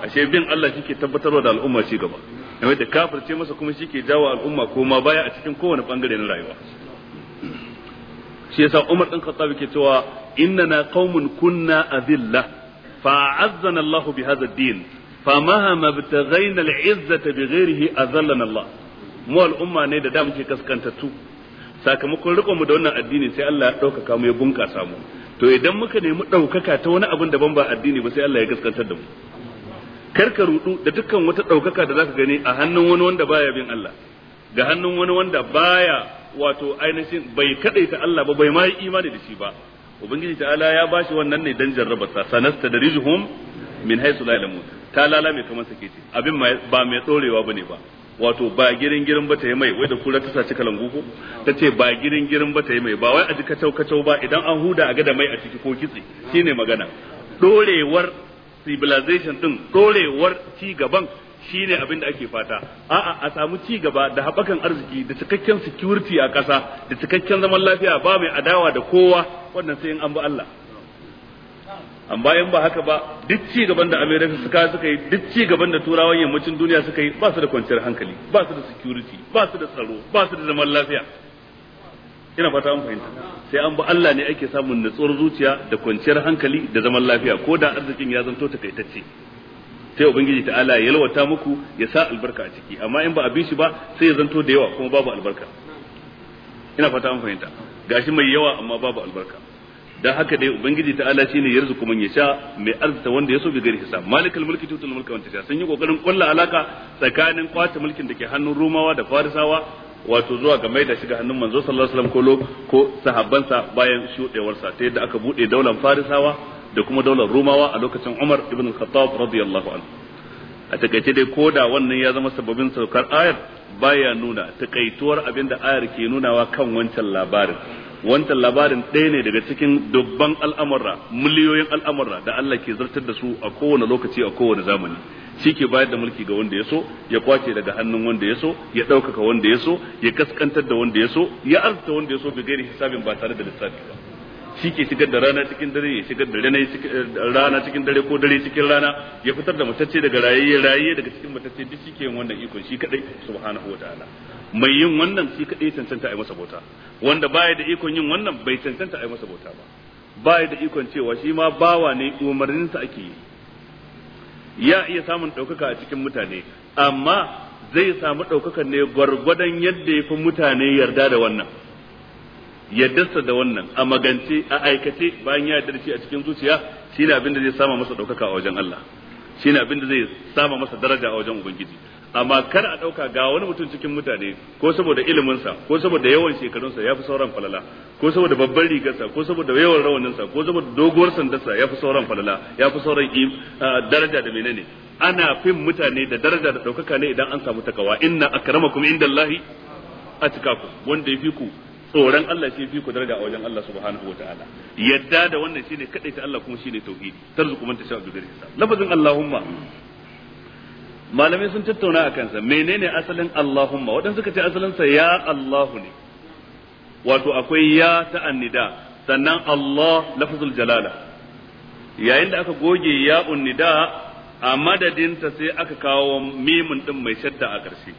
ashe bin Allah shike tabbatarwa da al'umma ci gaba game da ce masa kuma shike jawo al'umma koma baya a cikin kowane bangare na rayuwa shi yasa Umar din Khattab yake cewa na qaumun kunna adillah فأعزنا الله بهذا الدين فمهما ابتغينا العزة بغيره أذلنا الله mu al'umma ne da da muke kaskantattu sakamakon rikon mu da wannan addini sai Allah ya ɗaukaka mu ya bunƙasa mu to idan muka nemi ɗaukaka ta wani abin daban ba addini ba sai Allah ya gaskantar da mu kar ka rudu da dukkan wata ɗaukaka da zaka gani a hannun wani wanda baya bin Allah ga hannun wani wanda baya wato ainihin bai kadaita Allah ba bai ma yi imani da shi ba ubangiji ta'ala ya bashi wannan ne dan jarraba sa sanasta darijuhum min haythu la yalamun ta lalame kamar sake ce abin ba mai tsorewa bane ba wato ba girin girin ba ta yi mai wai da kura ta saci kalangu ko ta ce ba girin girin ba ta yi mai ba wai a ji kacau kacau ba idan an huda a ga da mai a ciki ko kitse shine magana dorewar civilization din dorewar ci gaban Shi ne abin da ake fata a a samu ci gaba da haɓakan arziki da cikakken security a ƙasa da cikakken zaman lafiya ba mai adawa da kowa wannan sai in an bi Allah an bayan ba haka ba duk ci gaban da America suka suka yi duk ci gaban da turawan yammacin duniya suka yi ba su da kwanciyar hankali ba su da security ba su da tsaro ba su da zaman lafiya ina fata an fahimta sai an bi Allah ne ake samun natsuwar zuciya da kwanciyar hankali da zaman lafiya ko da arzikin ya zanto takaitacce sai ubangiji ta'ala ya lawata muku ya sa albarka a ciki amma in ba a bi shi ba sai ya zanto da yawa kuma babu albarka ina fata an fahimta gashi mai yawa amma babu albarka dan haka dai ubangiji ta'ala shine kuma ya sha mai arzuta wanda ya yaso bi gari hisab malikul mulki tutul mulka wanta sun yi kokarin kulla alaka tsakanin kwata mulkin da ke hannun rumawa da farisawa wato zuwa ga mai da shiga hannun manzo sallallahu alaihi wasallam ko ko sahabbansa bayan shudewarsa ta yadda aka bude daular farisawa da kuma daular Rumawa a lokacin Umar ibn Khattab radiyallahu anhu a takaice dai koda wannan ya zama sababin saukar ayar baya nuna takaituwar abin da ayar ke nunawa kan wancan labarin wancan labarin ɗaya ne daga cikin dubban al'amurra miliyoyin al'amurra da Allah ke zartar da su a kowane lokaci a kowane zamani shi ke bayar da mulki ga wanda ya so ya kwace daga hannun wanda ya so ya ɗaukaka wanda ya so ya kaskantar da wanda ya so ya arzuta wanda ya so bi gairi hisabin ba tare da lissafi ba shi ke shigar da rana cikin dare ya shigar da rana cikin eh, dare ko dare cikin rana ya fitar da matacce daga rayayye rayayye daga cikin matacce duk shi ke yin wannan ikon shi kadai subhanahu wa ta'ala mai yin wannan shi kadai cancanta a yi masa bauta wanda baya da ikon yin wannan bai cancanta a yi masa bauta ba baya da ikon cewa shi ma bawa ne umarninsa ake yi ya iya samun ɗaukaka a cikin mutane amma zai samu ɗaukakan ne gwargwadon yadda ya fi mutane yarda da wannan yaddarsa da wannan a magance a aikace bayan ya yarda a cikin zuciya shine abin da zai sama masa ɗaukaka a wajen Allah shine abin da zai sama masa daraja a wajen ubangiji amma kar a ɗauka ga wani mutum cikin mutane ko saboda iliminsa ko saboda yawan shekarunsa ya fi sauran falala ko saboda babban rigarsa ko saboda yawan rawaninsa ko saboda doguwar sandarsa ya fi sauran falala ya fi sauran daraja da menene ana fin mutane da daraja da ɗaukaka ne idan an samu takawa inna akramakum indallahi atqakum wanda yafi ku tsoron Allah shi fi ku daraja a wajen Allah subhanahu wa ta'ala yadda da wannan shine kadai ta Allah kuma shine tauhidi tarzuku man tasha bi lafazin Allahumma malamai sun tattauna a kansa menene asalin Allahumma waɗansu suka ce asalin sa ya Allahu ne wato akwai ya ta annida sannan Allah lafazul jalala yayin da aka goge ya unnida a madadinta sai aka kawo mimun din mai shadda a ƙarshe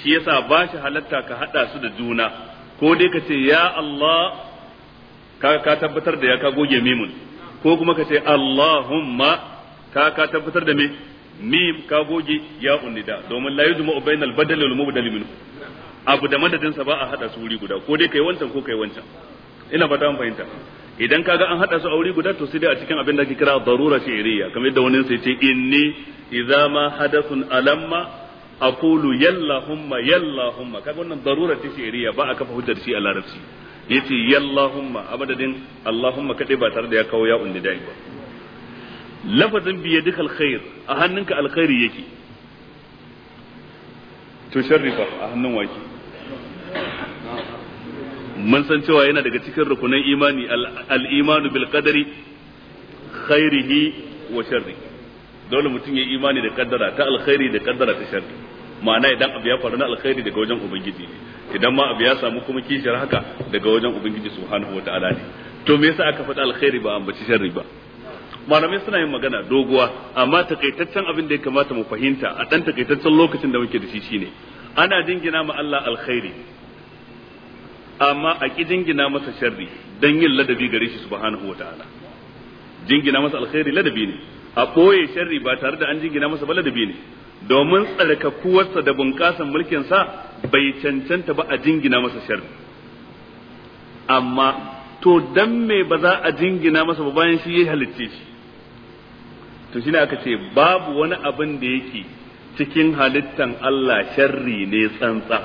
shi yasa ba shi halatta ka hada su da juna ko dai ka ce ya Allah ka tabbatar da ya ka goge mimun ko kuma ka ce Allahumma ka ka tabbatar da me mim ka goge ya unida domin la yuzmu bainal badal wal mubdal minhu abu da madadin sa ba a hada su wuri guda ko dai kai wancan ko kai wancan ina fata an fahimta idan kaga an hada su a wuri guda to sai dai a cikin abin da ake kira darura shi'riya kamar yadda wani sai ce inni idza ma hadathun alamma aqulu yallahumma yallahumma kaga wannan darura ce shi'riya ba a kafa hujjar shi a larabci yace yallahumma abadadin allahumma kadai ba tare da ya kawo ya undi dai ba lafazin bi yadika alkhair a hannunka alkhairi yake to sharri fa a hannun waki mun san cewa yana daga cikin rukunan imani al-imanu bil qadari khairihi wa sharrihi dole mutum ya imani da kaddara ta alkhairi da kaddara ta sharri ma'ana idan abu ya faru na alkhairi daga wajen ubangiji ne idan ma abu ya samu kuma kishiyar haka daga wajen ubangiji subhanahu ta'ala ne to me yasa aka faɗa alkhairi ba ambaci sharri ba malamai suna yin magana doguwa amma takaitaccen abin da ya kamata mu fahimta a dan takaitaccen lokacin da muke da shi shine ana jingina ma Allah alkhairi amma a ki jingina masa sharri dan yin ladabi gare shi subhanahu ta'ala jingina masa alkhairi ladabi ne a ɓoye sharri ba tare da an jingina masa ba ladabi ne domin tsarkakuwarsa da bunƙasan mulkinsa bai cancanta ba a jingina masa sharri amma to dan me ba za a jingina masa ba bayan shi ya halicce shi to shine aka ce babu wani abin da yake cikin halittan Allah sharri ne tsantsa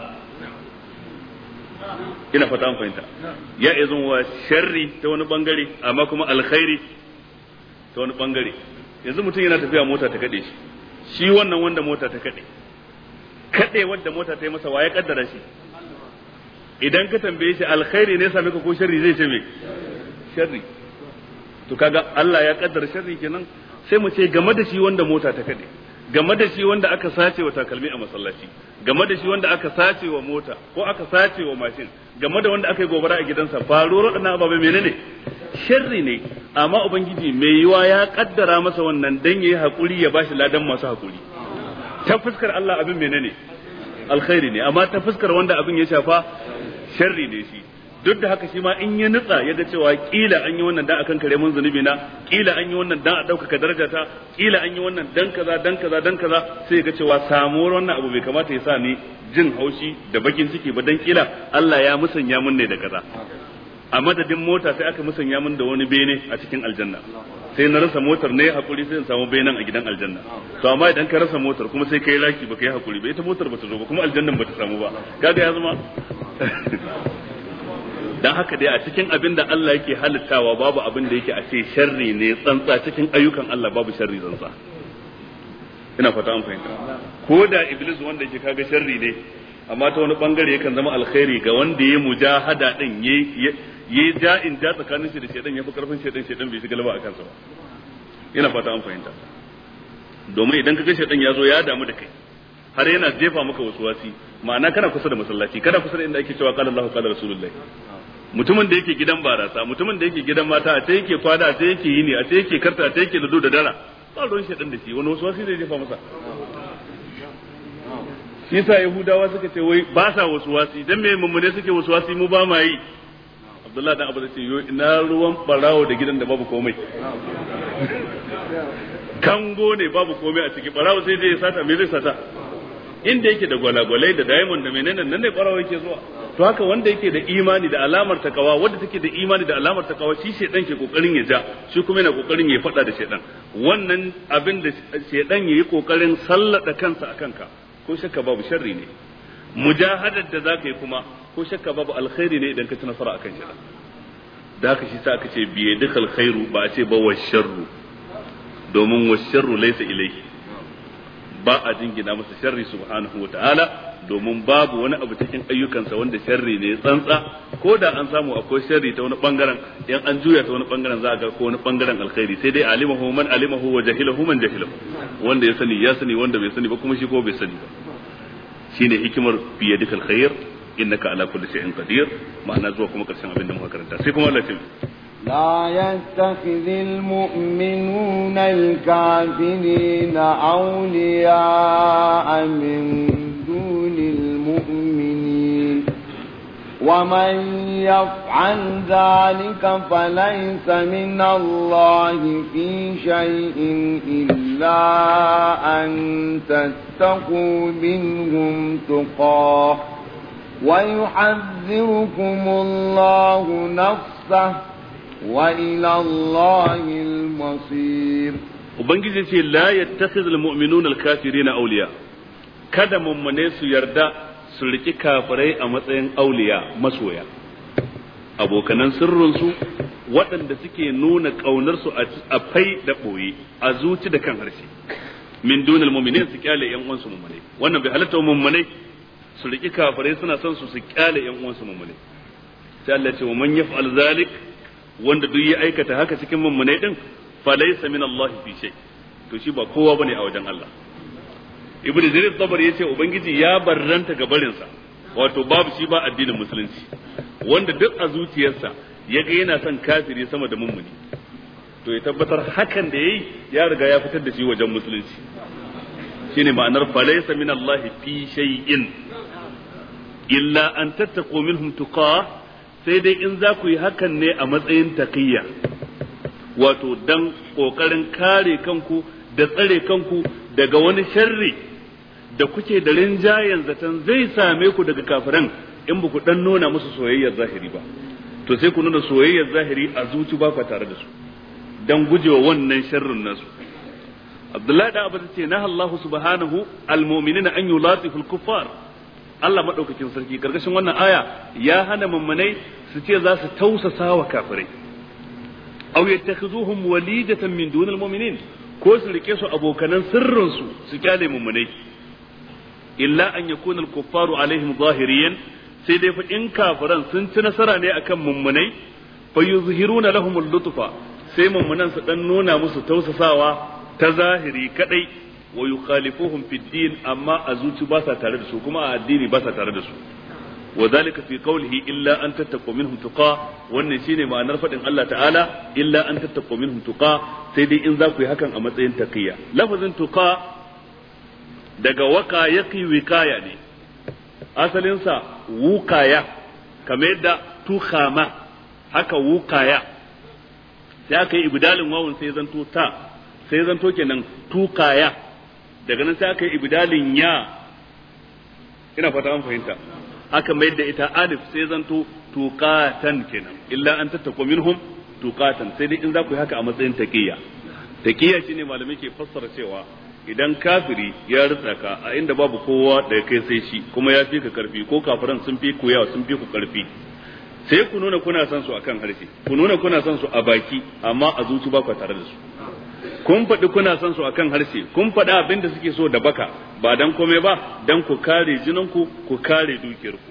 ina fata an fahimta ya izin wa sharri ta wani bangare amma kuma alkhairi ta wani bangare yanzu mutum yana tafiya mota ta kade, shi shi wannan wanda mota ta kade, kade wanda mota ta yi masa waye kaddara shi idan ka tambaye shi alkhairi ne same ka ko sharri zai ce me sharri to kaga Allah ya kaddara sharri kenan sai mu ce game da shi wanda mota ta kade, game da shi wanda aka sace wa takalmi a masallaci game da shi wanda aka sace wa mota ko aka sace wa mashin game da wanda aka yi gobara a gidansa faruwar waɗannan ababai menene sharri ne amma ubangiji mai yiwa ya kaddara masa wannan dan yayi hakuri ya bashi ladan masu hakuri ta fuskar Allah abin menene alkhairi ne amma ta fuskar wanda abin ya shafa sharri ne shi duk da haka shi ma in ya nutsa ya ga cewa kila an yi wannan dan akan kare mun zunubi na kila an yi wannan dan a ɗaukaka daraja ta kila an yi wannan dan kaza dan kaza dan kaza sai ya ga cewa samuwar wannan abu bai kamata ya sa ni jin haushi da bakin ciki ba dan kila Allah ya musanya mun ne da kaza a madadin mota sai aka musanya min da wani bene a cikin aljanna sai na rasa motar ne hakuri sai in samu benen a gidan aljanna to amma idan ka rasa motar kuma sai kai laki baka yi hakuri ba ita motar bata zo ba kuma aljannan bata samu ba kaga ya zama dan haka dai a cikin abin da Allah yake halittawa babu abin da yake a ce sharri ne tsantsa cikin ayyukan Allah babu sharri tsantsa ina fata an fahimta ko da iblis wanda yake kaga sharri ne amma ta wani bangare yakan zama alkhairi ga wanda ya mujahada din yayi yayi da in ja tsakanin shi da shedan yafi karfin shedan shedan bai shiga laba a kansa ba ina fata an fahimta domin idan kaga shedan ya zo ya damu da kai har yana jefa maka wasu wasi ma'ana kana kusa da masallaci kana kusa da inda ake cewa qala Allahu qala rasulullahi mutumin da yake gidan barasa mutumin da yake gidan mata a ce yake kwada a ce yake yini a ce yake karta a ce yake da da dara ba ruwan shedan da shi wani wasu wasi zai jefa masa yasa yahudawa suka ce wai ba sa wasu wasi dan me mummune suke wasu wasi mu ba ma yi abdullahi dan Abdullahi ce yo ina ruwan barawo da gidan da babu komai kango ne babu komai a ciki barawo sai dai ya sata me zai sata inda yake da gwalagwalai da diamond da menene nan ne barawo yake zuwa to haka wanda yake da imani da alamar takawa wanda take da imani da alamar takawa shi shedan ke kokarin ya ja shi kuma yana kokarin ya fada da shedan wannan abin da shedan yayi kokarin sallada kansa akan ka ko shakka babu sharri ne mujahadar da zaka yi kuma ko shakka babu alkhairi ne idan ka ci nasara akan shi da haka shi sa aka ce biye duk alkhairu ba a ce ba wa sharru domin wa sharru laysa ilayhi ba a jingina masa sharri subhanahu wa ta'ala domin babu wani abu cikin ayyukansa wanda sharri ne tsantsa ko da an samu akwai sharri ta wani bangaren in an juya ta wani bangaren za a ga ko wani bangaren alkhairi sai dai alimahu man alimahu wa jahilahu man jahilahu wanda ya sani ya sani wanda bai sani ba kuma shi ko bai sani ba shine hikimar biye duk khair إنك على كل شيء قدير ما zuwa kuma karshen abin da muka karanta sai لا يتخذ المؤمنون الكافرين أولياء من دون المؤمنين ومن يفعل ذلك فليس من الله في شيء إلا أن تتقوا منهم تقاه ويحذركم الله نفسه وإلى الله المصير Ubangiji ce la yattakhidhu almu'minuna alkafirina awliya kada mummune su yarda su riki kafirai a matsayin auliya masoya abokanan sirrinsu waɗanda suke nuna ƙaunarsu a fai da ɓoye a zuci da kan harshe min dunal mu'minin su kyale yan uwansu mummune wannan bai halatta mummune su riki kafirai suna son su su kyale yan uwansu mummune sai Allah ce wa man yaf'al zalik wanda duk ya aikata haka cikin mummune din laysa min Allah fi shay to shi ba kowa bane a wajen Allah ibnu Sabar tabar yace ubangiji ya barranta ga barin sa wato babu shi ba addinin musulunci wanda duk a zuciyarsa ya ga yana son kafiri sama da mummuni to ya tabbatar hakan da yayi ya riga ya fitar da shi wajen musulunci shine ma'anar falaysa min Allah fi shay'in illa an tattaqu minhum tuqa sai dai in za ku yi hakan ne a matsayin taqiyya wato dan kokarin kare kanku da tsare kanku daga wani sharri da kuke da rinjayen zaton zai same ku daga kafiran in ba ku dan nuna musu soyayyar zahiri ba to sai ku nuna soyayyar zahiri a zuci ba ku tare da su dan gujewa wannan sharrin nasu Abdullahi da Abbas ce na Allahu subhanahu almu'minina an yulatiful kuffar Allah madaukakin sarki karkashin wannan aya ya hana mummunai su ce za su tausasa wa kafirai ta yattakhizuhum walidatan min dunil mu'minin ko su rike su abokanan sirrin su su kyale mummunai illa an yakuna al-kuffaru alaihim zahiriyan sai dai fa in kafiran sun ci nasara ne akan mummunai fa yuzhiruna lahum al-lutfa sai mummunan su dan nuna musu tausasawa ta zahiri kadai wa yukhalifuhum fid din amma a zuci ba sa tare da su kuma a addini ba sa tare da su wa zalika fi qawlihi illa an tattaqu minhum tuqa wannan shine ma'anar fadin Allah ta'ala illa an tattaqu minhum tuqa sai dai in za ku yi hakan a matsayin taqiya lafazin tuqa daga waka yaqi wikaya ne asalin sa wukaya kamar yadda tukhama haka wukaya sai aka yi ibdalin wawun sai zanto ta sai zanto kenan tukaya daga nan sai aka yi ibdalin ya ina fata an fahimta aka mai da ita alif sai zanto tukatan kenan illa an tattako minhum tukatan sai dai in za ku yi haka a matsayin taqiyya taqiyya shine malamai ke fassara cewa idan kafiri ya rutsa ka a inda babu kowa da kai sai shi kuma ya fi ka karfi ko kafiran sun fi ku yawa sun fi ku karfi sai ku nuna kuna son su akan harshe ku nuna kuna son su a baki amma a zuci ba ku tare da su kun faɗi kuna son su akan harshe kun faɗi abin da suke so da baka ba dan komai ba dan ku kare jininku ku kare dukiyarku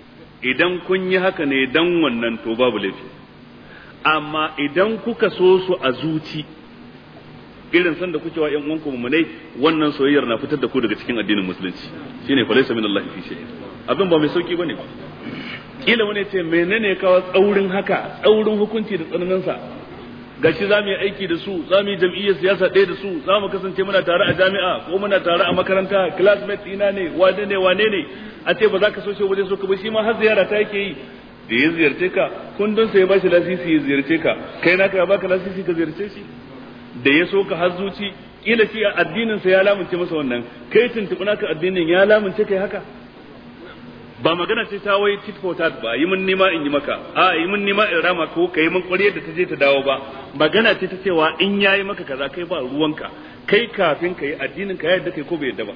idan kun yi haka ne dan wannan to babu laifi amma idan kuka so su a zuci irin da kuke wa ƴan uwanku mummunai wannan soyayyar na fitar da ku daga cikin addinin musulunci shine fa laysa minallahi fi shay'in abin ba mai sauki bane kila wani ce menene kawo tsaurin haka tsaurin hukunci da tsananin sa gashi za mu yi aiki da su za mu yi jam'iyyar siyasa ɗaya da su za mu kasance muna tare a jami'a ko muna tare a makaranta classmate ina ne wane ne wane ne a ce ba za ka so shi waje so ka ba shi ma har ziyara ta yake yi da ya ziyarce ka kundin sa ya bashi lasisi ya ziyarce ka kai na naka ya baka lasisi ka ziyarce shi da ya so ka har zuci kila shi addinin sa ya lamunce masa wannan kai tuntuɓi naka addinin ya lamunce kai haka ba magana ce ta wai tit for tat ba yi mun nima in yi maka a yi mun nima in rama ko kai mun kwari yadda ta je ta dawo ba magana ce ta cewa in yayi maka kaza kai ba ruwanka kai kafin ka yi addinin ka yadda kai ko bai yadda ba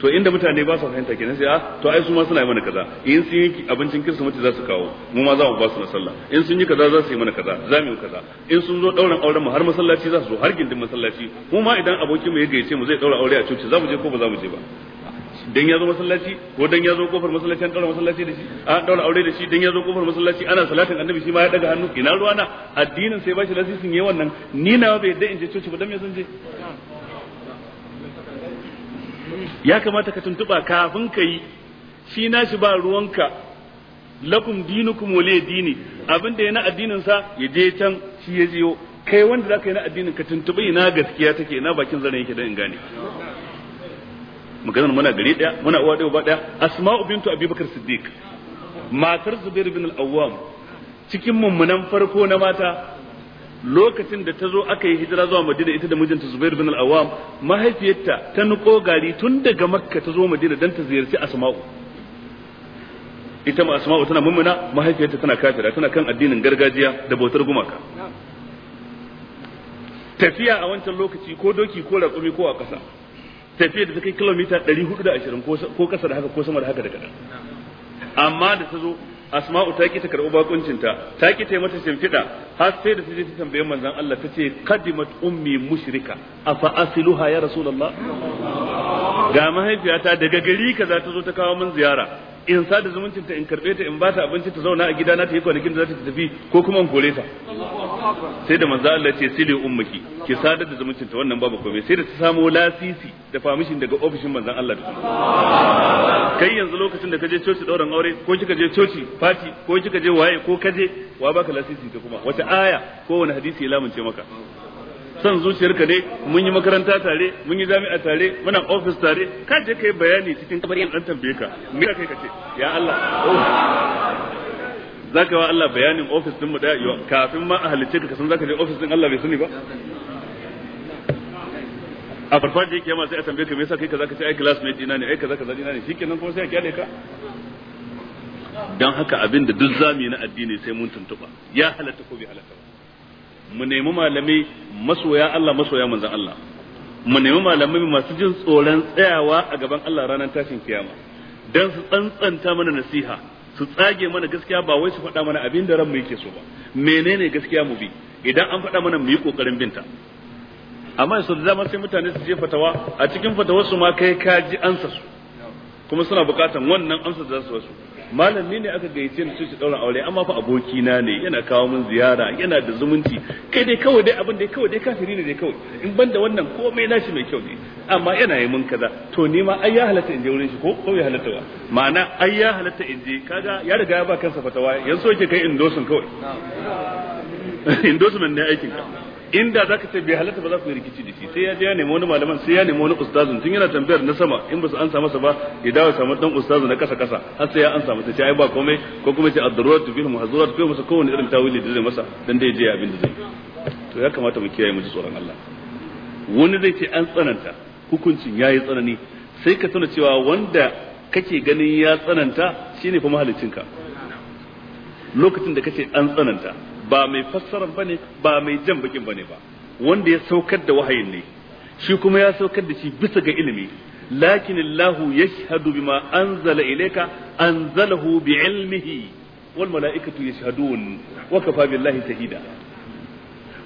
to inda mutane ba su fahimta kenan sai a ah, to ai su ma suna yi mana kaza in sun yi abincin mace za su kawo mu ma za mu ba su na sallah in sun yi kaza za su yi mana kaza za mu yi kaza in sun zo dauran auren mu har masallaci za su zo har gindin masallaci mu ma idan abokin mu ya gayyace mu zai daura aure a coci za mu je ko ba za mu je ba dan ya zo masallaci ko dan ya zo kofar masallaci an daura masallaci da shi a daura aure da shi dan ya zo kofar masallaci ana salatin annabi shi ma ya daga hannu ina ruwa na addinin sai ba shi lasisin yayi wannan ni na bai da in je coci ba dan me san je ya kamata ka tuntuba kafin ka yi shi na shi ba ruwanka lakum dinukum wale dini abin da yana addinin sa ya je can shi ya jiyo kai wanda zaka yi na addinin ka tuntubi ina gaskiya take ina bakin zaren yake dan in gane magana muna gari daya muna uwa daya uba daya asma'u bintu abubakar siddiq matar zubair bin al-awwam cikin mummunan farko na mata lokacin da ta zo aka yi hijira zuwa madina ita da mijinta zubair bin al-awwam mahaifiyarta ta nuko gari tun daga makka ta zo madina dan ta ziyarci asma'u ita ma asma'u tana mummuna mahaifiyarta tana kafira tana kan addinin gargajiya da bautar gumaka tafiya a wancan lokaci ko doki ko raƙumi ko a ƙasa tafiyar da ta kai kilomita 420 ko kasa da haka ko sama da haka da kadan amma da ta zo asma'u ta ki ta karɓi bakuncinta ta ki ta yi mata shimfiɗa har sai da ta je ta tambaye manzon Allah ta ce kadimat ummi mushrika afa asiluha ya rasulullah ga mahaifiyata daga gari kaza ta zo ta kawo min ziyara in sa da zumuncinta in karbe ta in ba ta abinci ta zauna a gida na ta yi kwanakin da za ta tafi ko kuma in kore ta sai da manzon Allah ce sile ummaki ki sadar da zumuncin ta wannan babu komai sai da ta samo lasisi da famishin daga ofishin manzon Allah da kai yanzu lokacin da kaje coci dauran aure ko kika je coci fati ko kika je waye ko kaje wa baka lasisi ta kuma wata aya ko wani hadisi ya lamunce maka San zuciyarka ne mun yi makaranta tare mun yi jami'a tare muna ofis tare ka je kai bayani cikin kabarin dan tambaye ka me kai ka ce ya Allah Za ka wa Allah bayanin ofis din mu da kafin ma a halice ka san za ka je ofis ɗin Allah bai sani ba a farfar da yake ma sai a tambaye ka me yasa kai kaza ka ce ai classmate ina ne ai kaza kaza dina ne shikenan kuma sai a kyale ka dan haka abin da duk zamu yi na addini sai mun tuntuba ya halatta ko bai halatta ba mu nemi malamai masoya Allah masoya manzon Allah mu nemi malamai masu jin tsoron tsayawa a gaban Allah ranar tashin kiyama dan su tsantsanta mana nasiha su tsage mana gaskiya ba wai su faɗa mana abin da ranmu yake so ba menene gaskiya mu bi idan an faɗa mana mu yi ƙoƙarin binta amma yanzu da dama sai mutane su je fatawa a cikin fatawar su ma kai ka ji ansa su kuma suna bukatan wannan ansa da za su wasu ni ne aka gayyace ni su daura aure amma fa aboki na ne yana kawo min ziyara yana da zumunci kai dai kawai dai abin dai kawai dai kafiri ne dai kawai in banda wannan komai nashi mai kyau ne amma yana yi min kaza to ni ma ai ya halatta in je wurin shi ko ko ya halatta ba ma'ana ai ya halatta in je kaga ya riga ya ba kansa fatawa yanzu yake kai indosin kawai indosin ne aikin ka inda zaka ce bai halatta ba za ku yi rikici da shi sai ya je ya nemi wani malaman sai ya nemi wani ustazin tun yana tambayar na sama in ba su ansa masa ba ya dawo samu dan ustazin na kasa kasa har sai ya ansa masa sai ai ba komai ko kuma sai ad-daruratu bil muhazzurat ko masa kowane irin tawili da zai masa dan dai je abin da zai to ya kamata mu kiyaye mu ji tsoron Allah wani zai ce an tsananta hukuncin yayi tsanani sai ka tuna cewa wanda kake ganin ya tsananta shine fa mahaliccinka lokacin da kace an tsananta ba mai fassara bane ba mai jan bakin bane ba wanda ya saukar da wahayin ne shi kuma ya saukar da shi bisa ga ilimi lakin Allah yashhadu bima anzala ilayka anzalahu bi'ilmihi wal mala'ikatu yashhadun wa kafa billahi shahida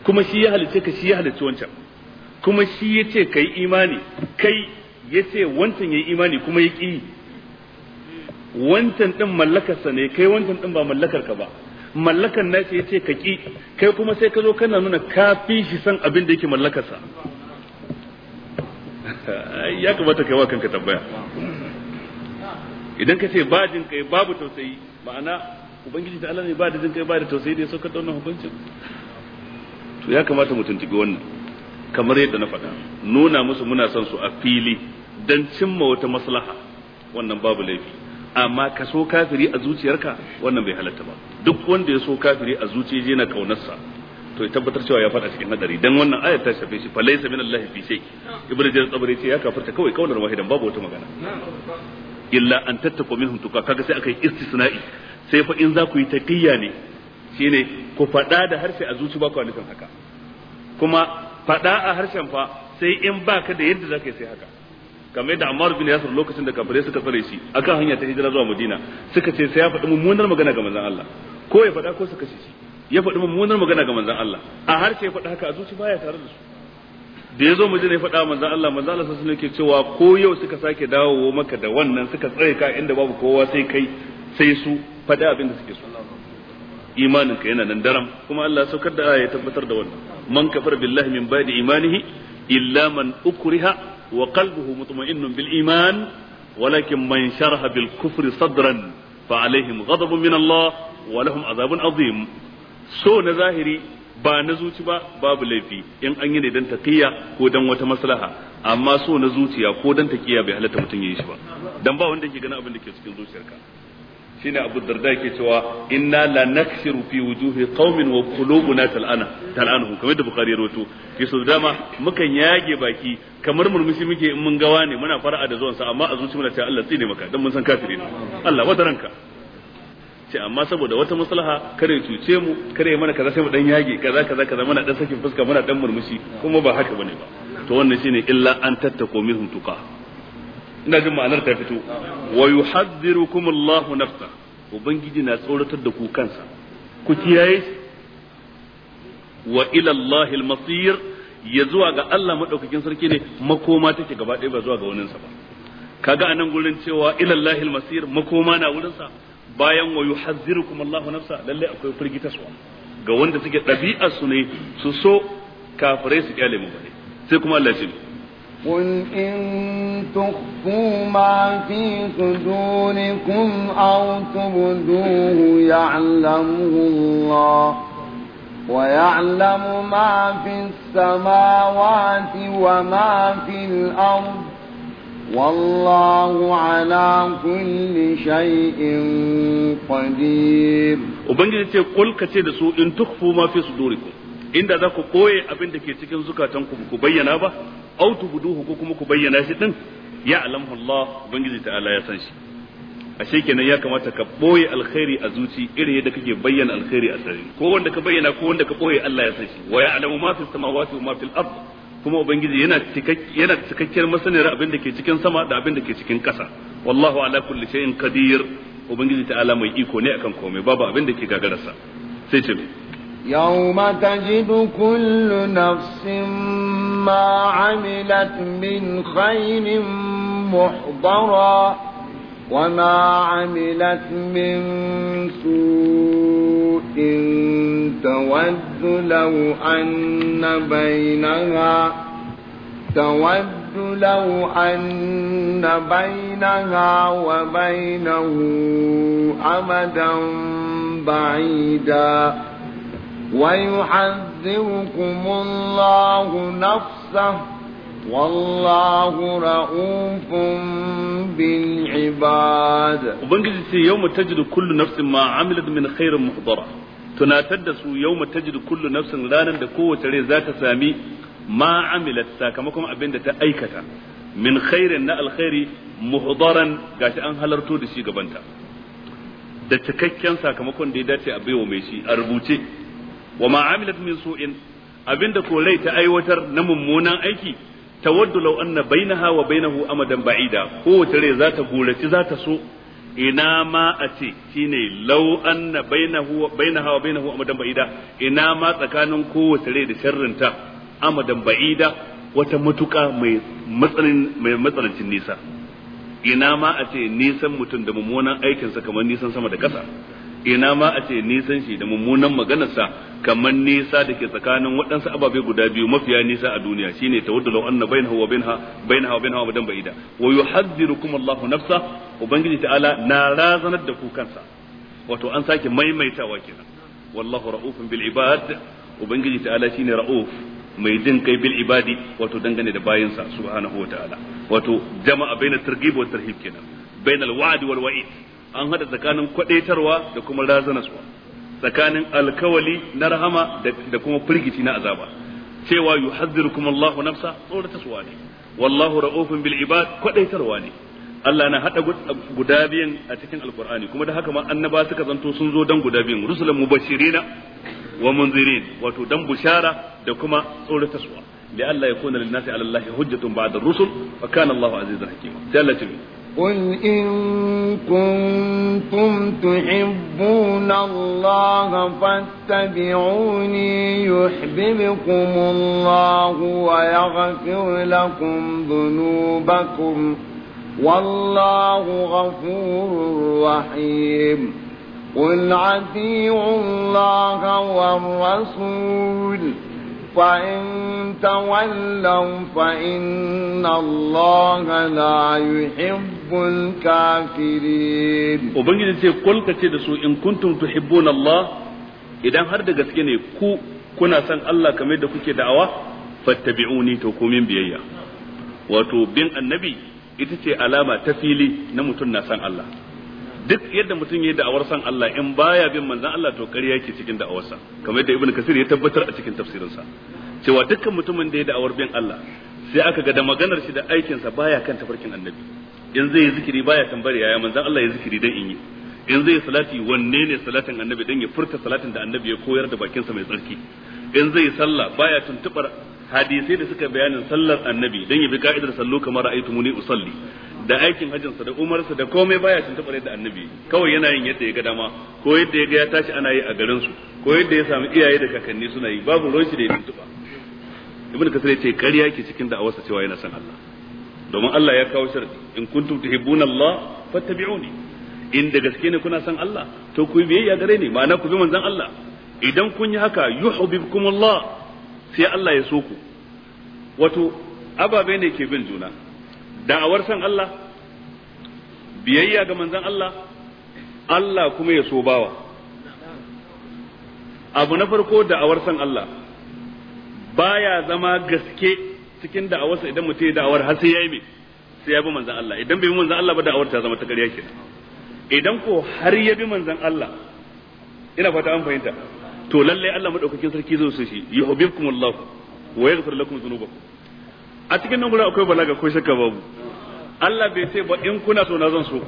kuma shi ya halice ka shi ya halice wancan kuma shi ya ce ka yi imani kai ya ce wancan ya yi imani kuma ya ƙi wancan ɗin mallakarsa ne kai wancan ɗin ba mallakarka ba mallakan nashi ya ka kaƙi kai kuma sai ka zo kana nuna ka fi shi san abin da yake mallakarsa ya kamata kai wa kanka tambaya idan ka ce ba jin kai babu tausayi ma'ana ubangiji ta Allah ne ba da jin kai ba da tausayi da ya sauka daunar hukuncin to ya kamata mu tuntubi wannan kamar yadda na faɗa nuna musu muna son su a fili don cimma wata maslaha wannan babu laifi amma ka so kafiri a zuciyarka wannan bai halatta ba duk wanda ya so kafiri a zuciya yana kaunarsa to ya tabbatar cewa ya fada cikin hadari dan wannan ayar ta shafe shi fa min allahi fi shay ibnu jarir tsabari ce ya kafarta kawai kaunar wahidan babu wata magana illa an tattaqu minhum tuqa kaga sai akai yi istisna'i sai fa in za ku yi taqiyya ne shine ku fada da harshe a zuci ba ku nufin haka kuma fada a harshen fa sai in baka da yadda zaka yi sai haka kamar yadda Ammar bin Yasir lokacin da kafirai suka tsare shi akan hanya ta hijira zuwa Madina suka ce sai ya faɗi mummunar magana ga manzon Allah ko ya faɗa ko suka kashe shi ya faɗi mummunar magana ga manzon Allah a harshe ya faɗa haka a zuci baya tare da su da ya zo Madina ya faɗa manzon Allah manzon Allah sai yake cewa ko yau suka sake dawowa maka da wannan suka tsare ka inda babu kowa sai kai sai su faɗi abin da suke so imanin ka yana nan daram kuma Allah ya saukar da aya ya tabbatar da wannan man kafar billahi min ba'di imanihi illa man ukriha wa qalbuhu mutma'innun bil iman walakin man sharaha bil kufri sadran fa alaihim ghadabun min Allah wa lahum azabun azim so na zahiri ba na zuci ba babu laifi in an yi ne dan taqiya ko dan wata maslaha amma so na zuciya ko dan taqiya bai halatta mutum yayi shi ba dan ba wanda ke gani abin da ke cikin zuciyarka shine Abu Darda yake cewa inna la nakshiru fi wujuhi qaumin wa qulubuna tal'ana tal'anuhu kamar da Bukhari ya rawaito yaso dama mukan yage baki kamar murmushi muke in mun gawa ne muna fara'a da zuwansa amma a zuci muna cewa Allah tsine maka dan mun san kafiri ne Allah wata ranka ce amma saboda wata maslaha kare cuce mu kare mana kaza sai mu dan yage kaza kaza kaza muna dan sakin fuska muna dan murmushi kuma ba haka bane ba to wannan shine illa an tattako minhum tuqa ina jin ma'anar ta fito wa yuhaddirukum Allahu nafsa ubangiji na tsoratar da ku kansa ku kiyaye wa ila Allahil masir ya zuwa ga Allah madaukakin sarki ne makoma take gaba ɗaya ba zuwa ga sa ba kaga anan gurin cewa ila Allahil masir makoma na sa bayan wa yuhazzirukum Allahu nafsa lalle akwai firgitaswa ga wanda suke ɗabi'ar su ne su so kafirai su kyale mu bane sai kuma Allah ya قل إن تخفوا ما في صدوركم أو تبدوه يعلمه الله ويعلم ما في السماوات وما في الأرض والله على كل شيء قدير وبنجد تقول كتير سوء إن تخفوا ما في صدوركم inda za ku ɓoye abin da ke cikin zukatan ku ku bayyana ba au tubduhu ko kuma ku bayyana shi din ya alamu Allah ubangiji ta'ala ya san shi ashe kenan ya kamata ka ɓoye alkhairi a zuci irin yadda kake bayyana alkhairi a sarari ko wanda ka bayyana ko wanda ka ɓoye Allah ya san shi wa ya alamu ma fis samawati wa ma fil ard kuma ubangiji yana yana cikakkiyar masaniyar abin da ke cikin sama da abin da ke cikin ƙasa wallahu ala kulli shay'in qadir ubangiji ta'ala mai iko ne akan komai babu abin da ke gagararsa sai ce يوم تجد كل نفس ما عملت من خير محضرا وما عملت من سوء تود لو أن بينها تود لو أن بينها وبينه أمدا بعيدا ويحذركم الله نفسه والله رؤوف بالعباد وبنجد سي يوم تجد كل نفس ما عملت من خير محضرة tunatar da su yau tajidu kullu nafsin ranar da kowace rai za ta sami ma sakamakon abinda ta aikata min khairin na alkhairi muhdaran gashi an halarto da shi gabanta da cikakken sakamakon da ya dace a baiwa mai shi a rubuce wa ma amilat min su'in abinda ko rai ta aiwatar na mummunan aiki tawaddu law anna bainaha wa bainahu amadan ba'ida ko wata rai za ta gulaci za ta so ina ma a ce shine law anna bainahu bainaha wa bainahu amadan ba'ida ina ma tsakanin ko wata rai da sharrinta amadan ba'ida wata matuka mai matsalin mai matsalancin nisa ina ma a ce nisan mutum da mummunan aikinsa kamar nisan sama da ƙasa ina ma a ce nisan shi da mummunan maganarsa kamar nisa da ke tsakanin waɗansu ababe guda biyu mafiya nisa a duniya shine ta tawaddalu anna bainahu wa bainaha bainaha wa bainaha madan ba'ida wa yuhadhdhirukum Allahu nafsa ubangiji ta'ala na razanar da ku kansa wato an sake maimaitawa kenan wallahu ra'ufun bil ibad ubangiji ta'ala shine ra'uf mai jin kai bil ibadi wato dangane da bayinsa subhanahu wa ta'ala wato jama'a bainat targhib wa tarhib kenan bainal wa'd wal wa'id an hada tsakanin kwadaitarwa da kuma razanaswa tsakanin alkawali na rahama da kuma firgici na azaba cewa yuhadhdhirukum Allahu nafsa tsorataswa ne wallahu ra'ufun bil ibad kwadaitarwa ne Allah na hada guda biyan a cikin alkur'ani kuma da haka ma annaba suka zanto sun zo dan guda biyan rusulan mubashirina wa munzirin wato dan bushara da kuma tsorataswa لئلا يكون للناس على الله حجة بعد الرسل وكان الله عزيزا حكيما. قل إن كنتم تحبون الله فاتبعوني يحببكم الله ويغفر لكم ذنوبكم والله غفور رحيم قل عتيعوا الله والرسول فإن تولوا فإن الله لا يحب الكافرين وبنجد سي قل كتير إن كنتم تحبون الله إذا هرد قسكيني كو كنا سن الله كما كوكي دعوة فاتبعوني توكومين بيئيا wato بين النبي ita ce alama ta fili na mutum na san Allah duk yadda mutum ya yi da'awar san Allah in baya bin manzan Allah to kariya yake cikin da'awarsa kamar yadda ibnu kasir ya tabbatar a cikin tafsirinsa cewa dukkan mutumin da ya da'awar bin Allah sai aka ga da maganar shi da aikinsa baya kan tafarkin annabi in zai yi zikiri baya tambari yaya manzan Allah ya zikiri dan in yi in zai salati wanne ne salatin annabi dan ya furta salatin da annabi ya koyar da bakinsa mai tsarki in zai sallah baya tuntubar hadisai da suka bayanin sallar annabi dan ya bi ka'idar sallu kamar ra'aytumuni usalli da aikin hajjinsa da umarsa da komai baya tabbare yadda annabi kawai yana yin yadda ya ga dama ko yadda ya ga ya tashi ana yi a garin su ko yadda ya sami iyaye da kakanni suna yi babu ruwan shi da ya tuntuɓa ibn kasir ya ce ke cikin da awasa cewa yana san Allah domin Allah ya kawo sharadi in kuntum tuhibbuna Allah fattabi'uni in da gaske ne kuna san Allah to ku biyayya gare ni ma'ana ku bi manzon Allah idan kun yi haka yuhibbukumullah sai Allah ya so ku wato ababe ne ke bin juna da'awar san Allah biyayya ga manzon Allah Allah kuma ya so bawa abu na farko da'awar san Allah baya zama gaske cikin sa idan mutum ya da'awar har sai yayi me sai ya bi manzon Allah idan bai bi manzon Allah ba da'awar ta zama ta ƙarya kenan idan ko har ya bi manzon Allah ina fata an fahimta to lalle Allah madaukakin sarki zai so shi yuhibbukumullahu wa yaghfir lakum dhunubakum a cikin nan gurin akwai balaga ko shakka babu Allah bai ce ba in kuna so na zan so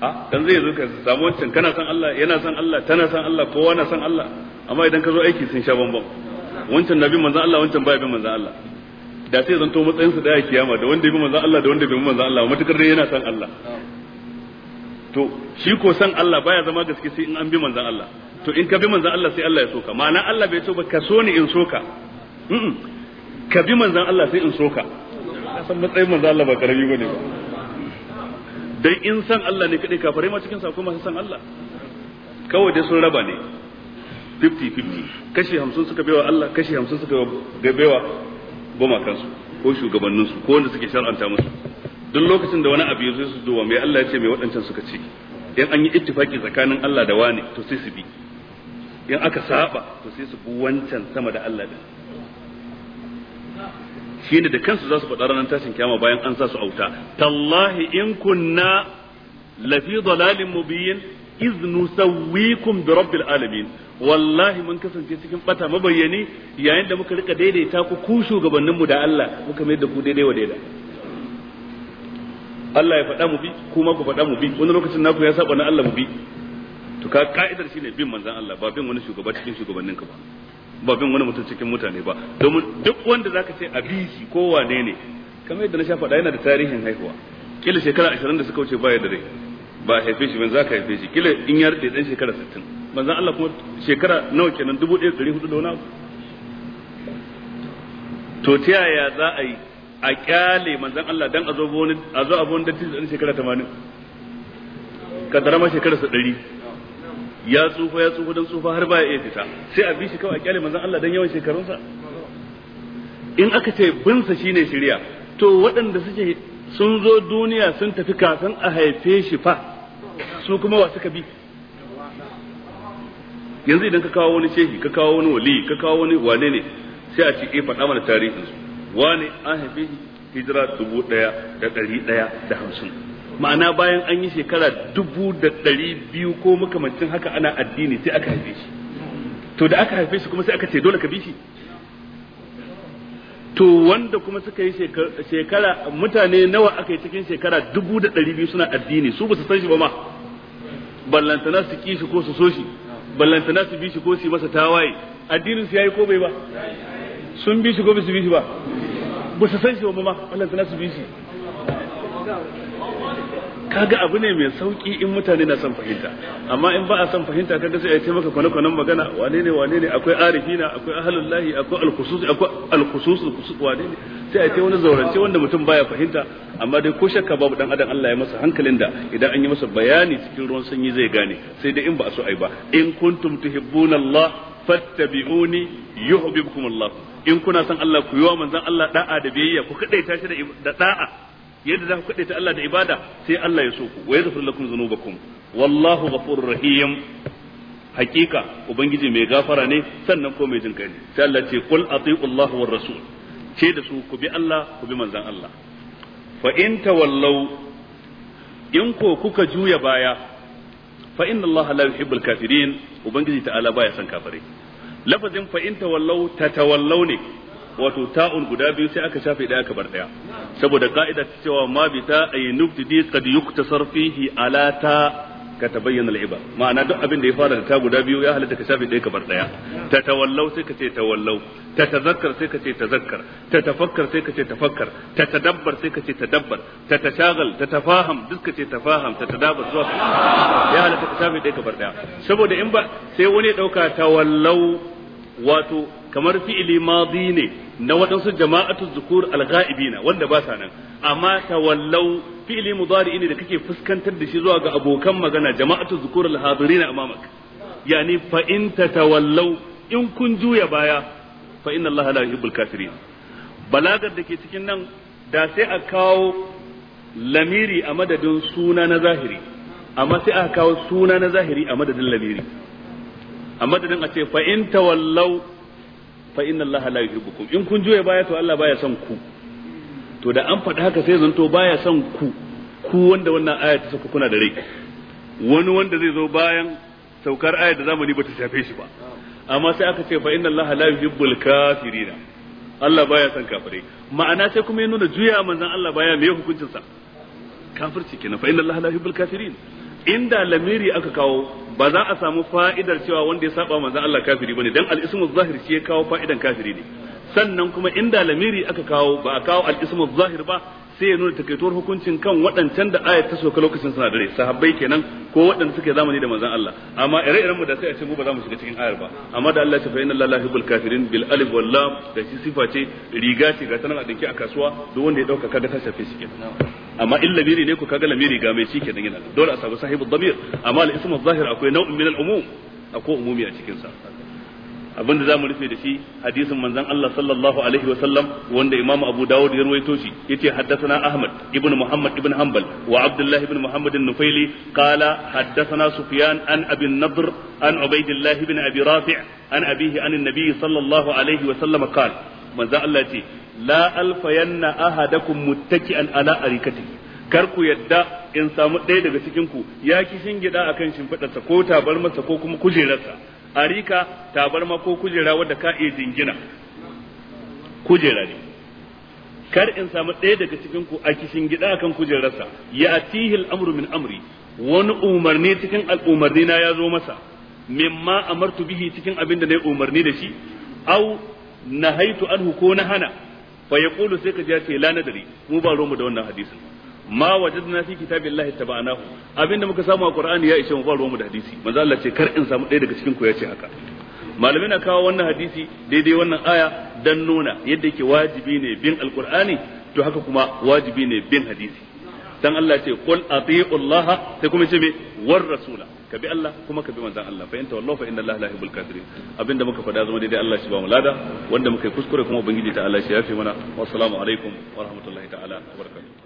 a ah, dan zai zo ka samu wancan kana san Allah yana san Allah tana san Allah kowa na san Allah amma idan ka zo aiki sun sha bambam wancan nabi manzon Allah wancan bai bin manzon Allah da sai zanto matsayin su daya kiyama da wanda ya bi manzon Allah da wanda bai bi manzon Allah matukar dai yana san Allah to shi ko san Allah baya zama gaske sai in an bi manzon Allah to in ka bi manzon Allah sai Allah ya soka ma'ana Allah bai so ba ka so ni in soka ka bi manzan Allah sai in soka san matsayin manzan Allah ba karami bane ba dan in san Allah ne kadai kafare ma cikin sako masu san Allah kawai dai sun raba ne 50-50 kashi 50 suka baiwa Allah kashi 50 suka baiwa gumakansu ko shugabanninsu ko wanda suke shar'anta musu duk lokacin da wani abu ya zo su duba mai Allah ya ce mai waɗancan suka ce in an yi ittifaki tsakanin Allah da wani to sai su bi in aka saba to sai su bi wancan sama da Allah din shine da kansu za su faɗa ranar tashin kyama bayan an sa su auta tallahi in kunna lafi dalalin mubiyin iz nusawwikum bi rabbil alamin wallahi mun kasance cikin bata mabayyani yayin da muka rika daidaita ku ku shugabannin mu da Allah muka mai da ku daidai wa daidai. Allah ya faɗa mu bi kuma ku faɗa mu bi wani lokacin naku ya saba na Allah mu bi to ka ka'idar shine bin manzon Allah ba bin wani shugaba cikin shugabannin ka ba ba bin wani mutum cikin mutane ba domin duk wanda zaka ce a bishi ko wane ne kamar yadda na sha faɗa yana da tarihin haihuwa kila shekara ashirin da suka wuce ba ya dare ba a haife shi ban ka haife shi kila in ya rike ɗan shekara sittin manzan Allah kuma shekara nawa kenan hudu da wani abu to ta yaya za a yi a kyale manzan Allah dan a zo a zo abun da ɗan shekara ka tara ma shekara ɗari. ya tsufa ya tsufa don tsufa har baya iya fita sai a bi shi kawai a kyale manzon Allah dan yawan shekarunsa in aka ce bin sa shine shirya to waɗanda suke sun zo duniya sun tafi kafin a haife shi fa su kuma wa suka bi yanzu idan ka kawo wani shehi ka kawo wani wali ka kawo wani wane ne sai a ce eh faɗa mana tarihin su wane an haife shi hijira dubu ɗaya da ɗari ɗaya da hamsin ma'ana bayan an yi shekara dubu da ɗari biyu ko makamancin haka ana addini sai aka haife shi to da aka haife shi kuma sai aka ce dole ka bi shi to wanda kuma suka yi shekara mutane nawa aka yi cikin shekara dubu da ɗari biyu suna addini su ba su san shi ba ma ballantana su ki shi ko su so shi ballantana su bi shi ko su yi masa tawaye addinin su yayi ko bai ba sun bi shi ko ba su bi shi ba ba su san shi ba ma ballantana su bi shi kaga abu ne mai sauki in mutane na son fahimta amma in ba a son fahimta kaga sai a ce maka kwana kwanan magana wane ne wane ne akwai arifina akwai ahlul lahi akwai alkhusus akwai alkhusus wane ne sai a ce wani zaurance wanda mutum baya fahimta amma dai ko shakka babu dan adam Allah ya masa hankalin da idan an yi masa bayani cikin ruwan sanyi zai gane sai dai in ba a so ai ba in kuntum tuhibbuna Allah fattabi'uni yuhibbukum Allah in kuna son Allah ku yi wa manzon Allah da'a da biyayya ku kadaita shi da da'a yadda za ku ta Allah da ibada sai Allah ya so ku wa yaghfir lakum dhunubakum wallahu ghafurur rahim hakika ubangiji mai gafara ne sannan ko mai jin kai ne sai Allah ce qul atiiu Allah war rasul ce da su ku bi Allah ku bi manzon Allah fa in tawallau in ko kuka juya baya fa inna Allah la yuhibbul kafirin ubangiji ta'ala baya san kafirai lafazin fa in tawallau tatawallau ne wato ta'un guda biyu sai aka shafe daya kabar daya saboda ka'ida ta cewa ma bi ta ay nubtidi qad yuktasar fihi ala ta ka tabayyana al'iba ma'ana duk abin da ya fara da ta guda biyu ya halatta ka shafe daya kabar daya ta tawallau sai ka ce tawallau ta tazakkar sai ka ce tazakkar ta tafakkar sai ka ce tafakkar ta tadabbar sai ka ce tadabbar ta tashagal ta tafaham duk ka ce tafaham ta tadabbur zuwa ya halatta ka shafe daya kabar daya saboda in ba sai wani ya dauka tawallau wato kamar fi'ili madi ne na waɗansu jama'atu zukur al-ghaibina wanda ba sa nan amma tawallau fi'ili mudari ne da kake fuskantar da shi zuwa ga abokan magana jama'atu zukur al-hadirina amamak yani fa in tatawallau in kun juya baya fa inna Allah la yuhibbul kafirin balagar da ke cikin nan da sai a kawo lamiri a madadin suna na zahiri amma sai a kawo suna na zahiri a madadin lamiri a madadin a ce fa in tawallau fa inna Allah la yuhibbukum in kun juye baya to Allah baya son ku to da an faɗi haka sai zanto baya son ku ku wanda wannan aya ta saka kuna da rai wani wanda zai zo bayan saukar aya da zamani bata shafe shi ba amma sai aka ce fa inna Allah la yuhibbul kafirina Allah baya son kafirai ma'ana sai kuma ya nuna juya manzon Allah baya me hukuncin sa kafirci kenan fa inna Allah la yuhibbul kafirin inda lamiri aka kawo ba za a samu fa'idar cewa wanda ya saba manzon Allah kafiri ba ne al-ismu zahir shi ya kawo fa'idan kafiri ne sannan kuma inda lamiri aka kawo ba a kawo al-ismu zahir ba sai ya nuna takaituwar hukuncin kan waɗancan da ayat ta soka lokacin suna dare sahabbai kenan ko waɗanda suke zamani da manzon Allah amma ire-iren mu da sai a ce mu ba za mu shiga cikin ayar ba amma da Allah ya fa inna lillahi hubul kafirin bil alif wal lam da shi sifa ce riga ce ga tanan a dinki a kasuwa duk wanda ya dauka kaga ta shafe shi kenan amma in lamiri ne ku kaga lamiri ga mai shi kenan yana dole a samu sahibu damir amma al ismu zahir akwai nau'in min al umum akwai umumi a cikin sa abinda zamu rufe da shi hadisin manzon Allah sallallahu alaihi wa sallam wanda imamu Abu Dawud ya ruwaito shi yace haddathana Ahmad ibn Muhammad ibn Hanbal wa Abdullah ibn Muhammad an-Nufaili qala haddathana Sufyan an Abi an-Nadr an Ubaydillah ibn Abi Rafi' an abihi an an-nabi sallallahu alaihi wa sallam qala manzon Allah yace la alfayanna ahadakum muttaki'an ala arikati kar ku yadda in samu ɗaya daga cikin ku ya ki shingida akan shimfiɗarsa ko tabarmarsa ko kuma kujerarsa arika tabarma ko kujera wadda ka iya jingina kujera ne kar in samu ɗaya daga cikin ku a kishin gida akan kujerarsa ya atihil amru min amri wani umarni cikin al'umarni na ya zo masa mimma amartu bihi cikin abin da na umarni da shi au nahaitu anhu ko na hana fa yaqulu sai ka ji ce la nadri mu ba ruwanmu da wannan hadisin ma wajadna fi kitabillahi taba'nahu abinda muka samu a qur'ani ya ishe mu ba ruwanmu da hadisi manzo Allah ce kar in samu ɗaya daga cikin ku ya ce haka malamai na kawo wannan hadisi daidai wannan aya dan nuna yadda yake wajibi ne bin alqur'ani to haka kuma wajibi ne bin hadisi dan Allah ce qul atiiu sai kuma ce me war rasula ka bi Allah kuma ka bi manzon Allah fa anta wallahu fa inna Allah la yuhibbul kafirin abinda muka faɗa zama daidai Allah shi ba mu lada wanda muka yi kuskure kuma ubangiji ta Allah shi yafe mana wassalamu alaikum wa rahmatullahi ta'ala wa barakatuh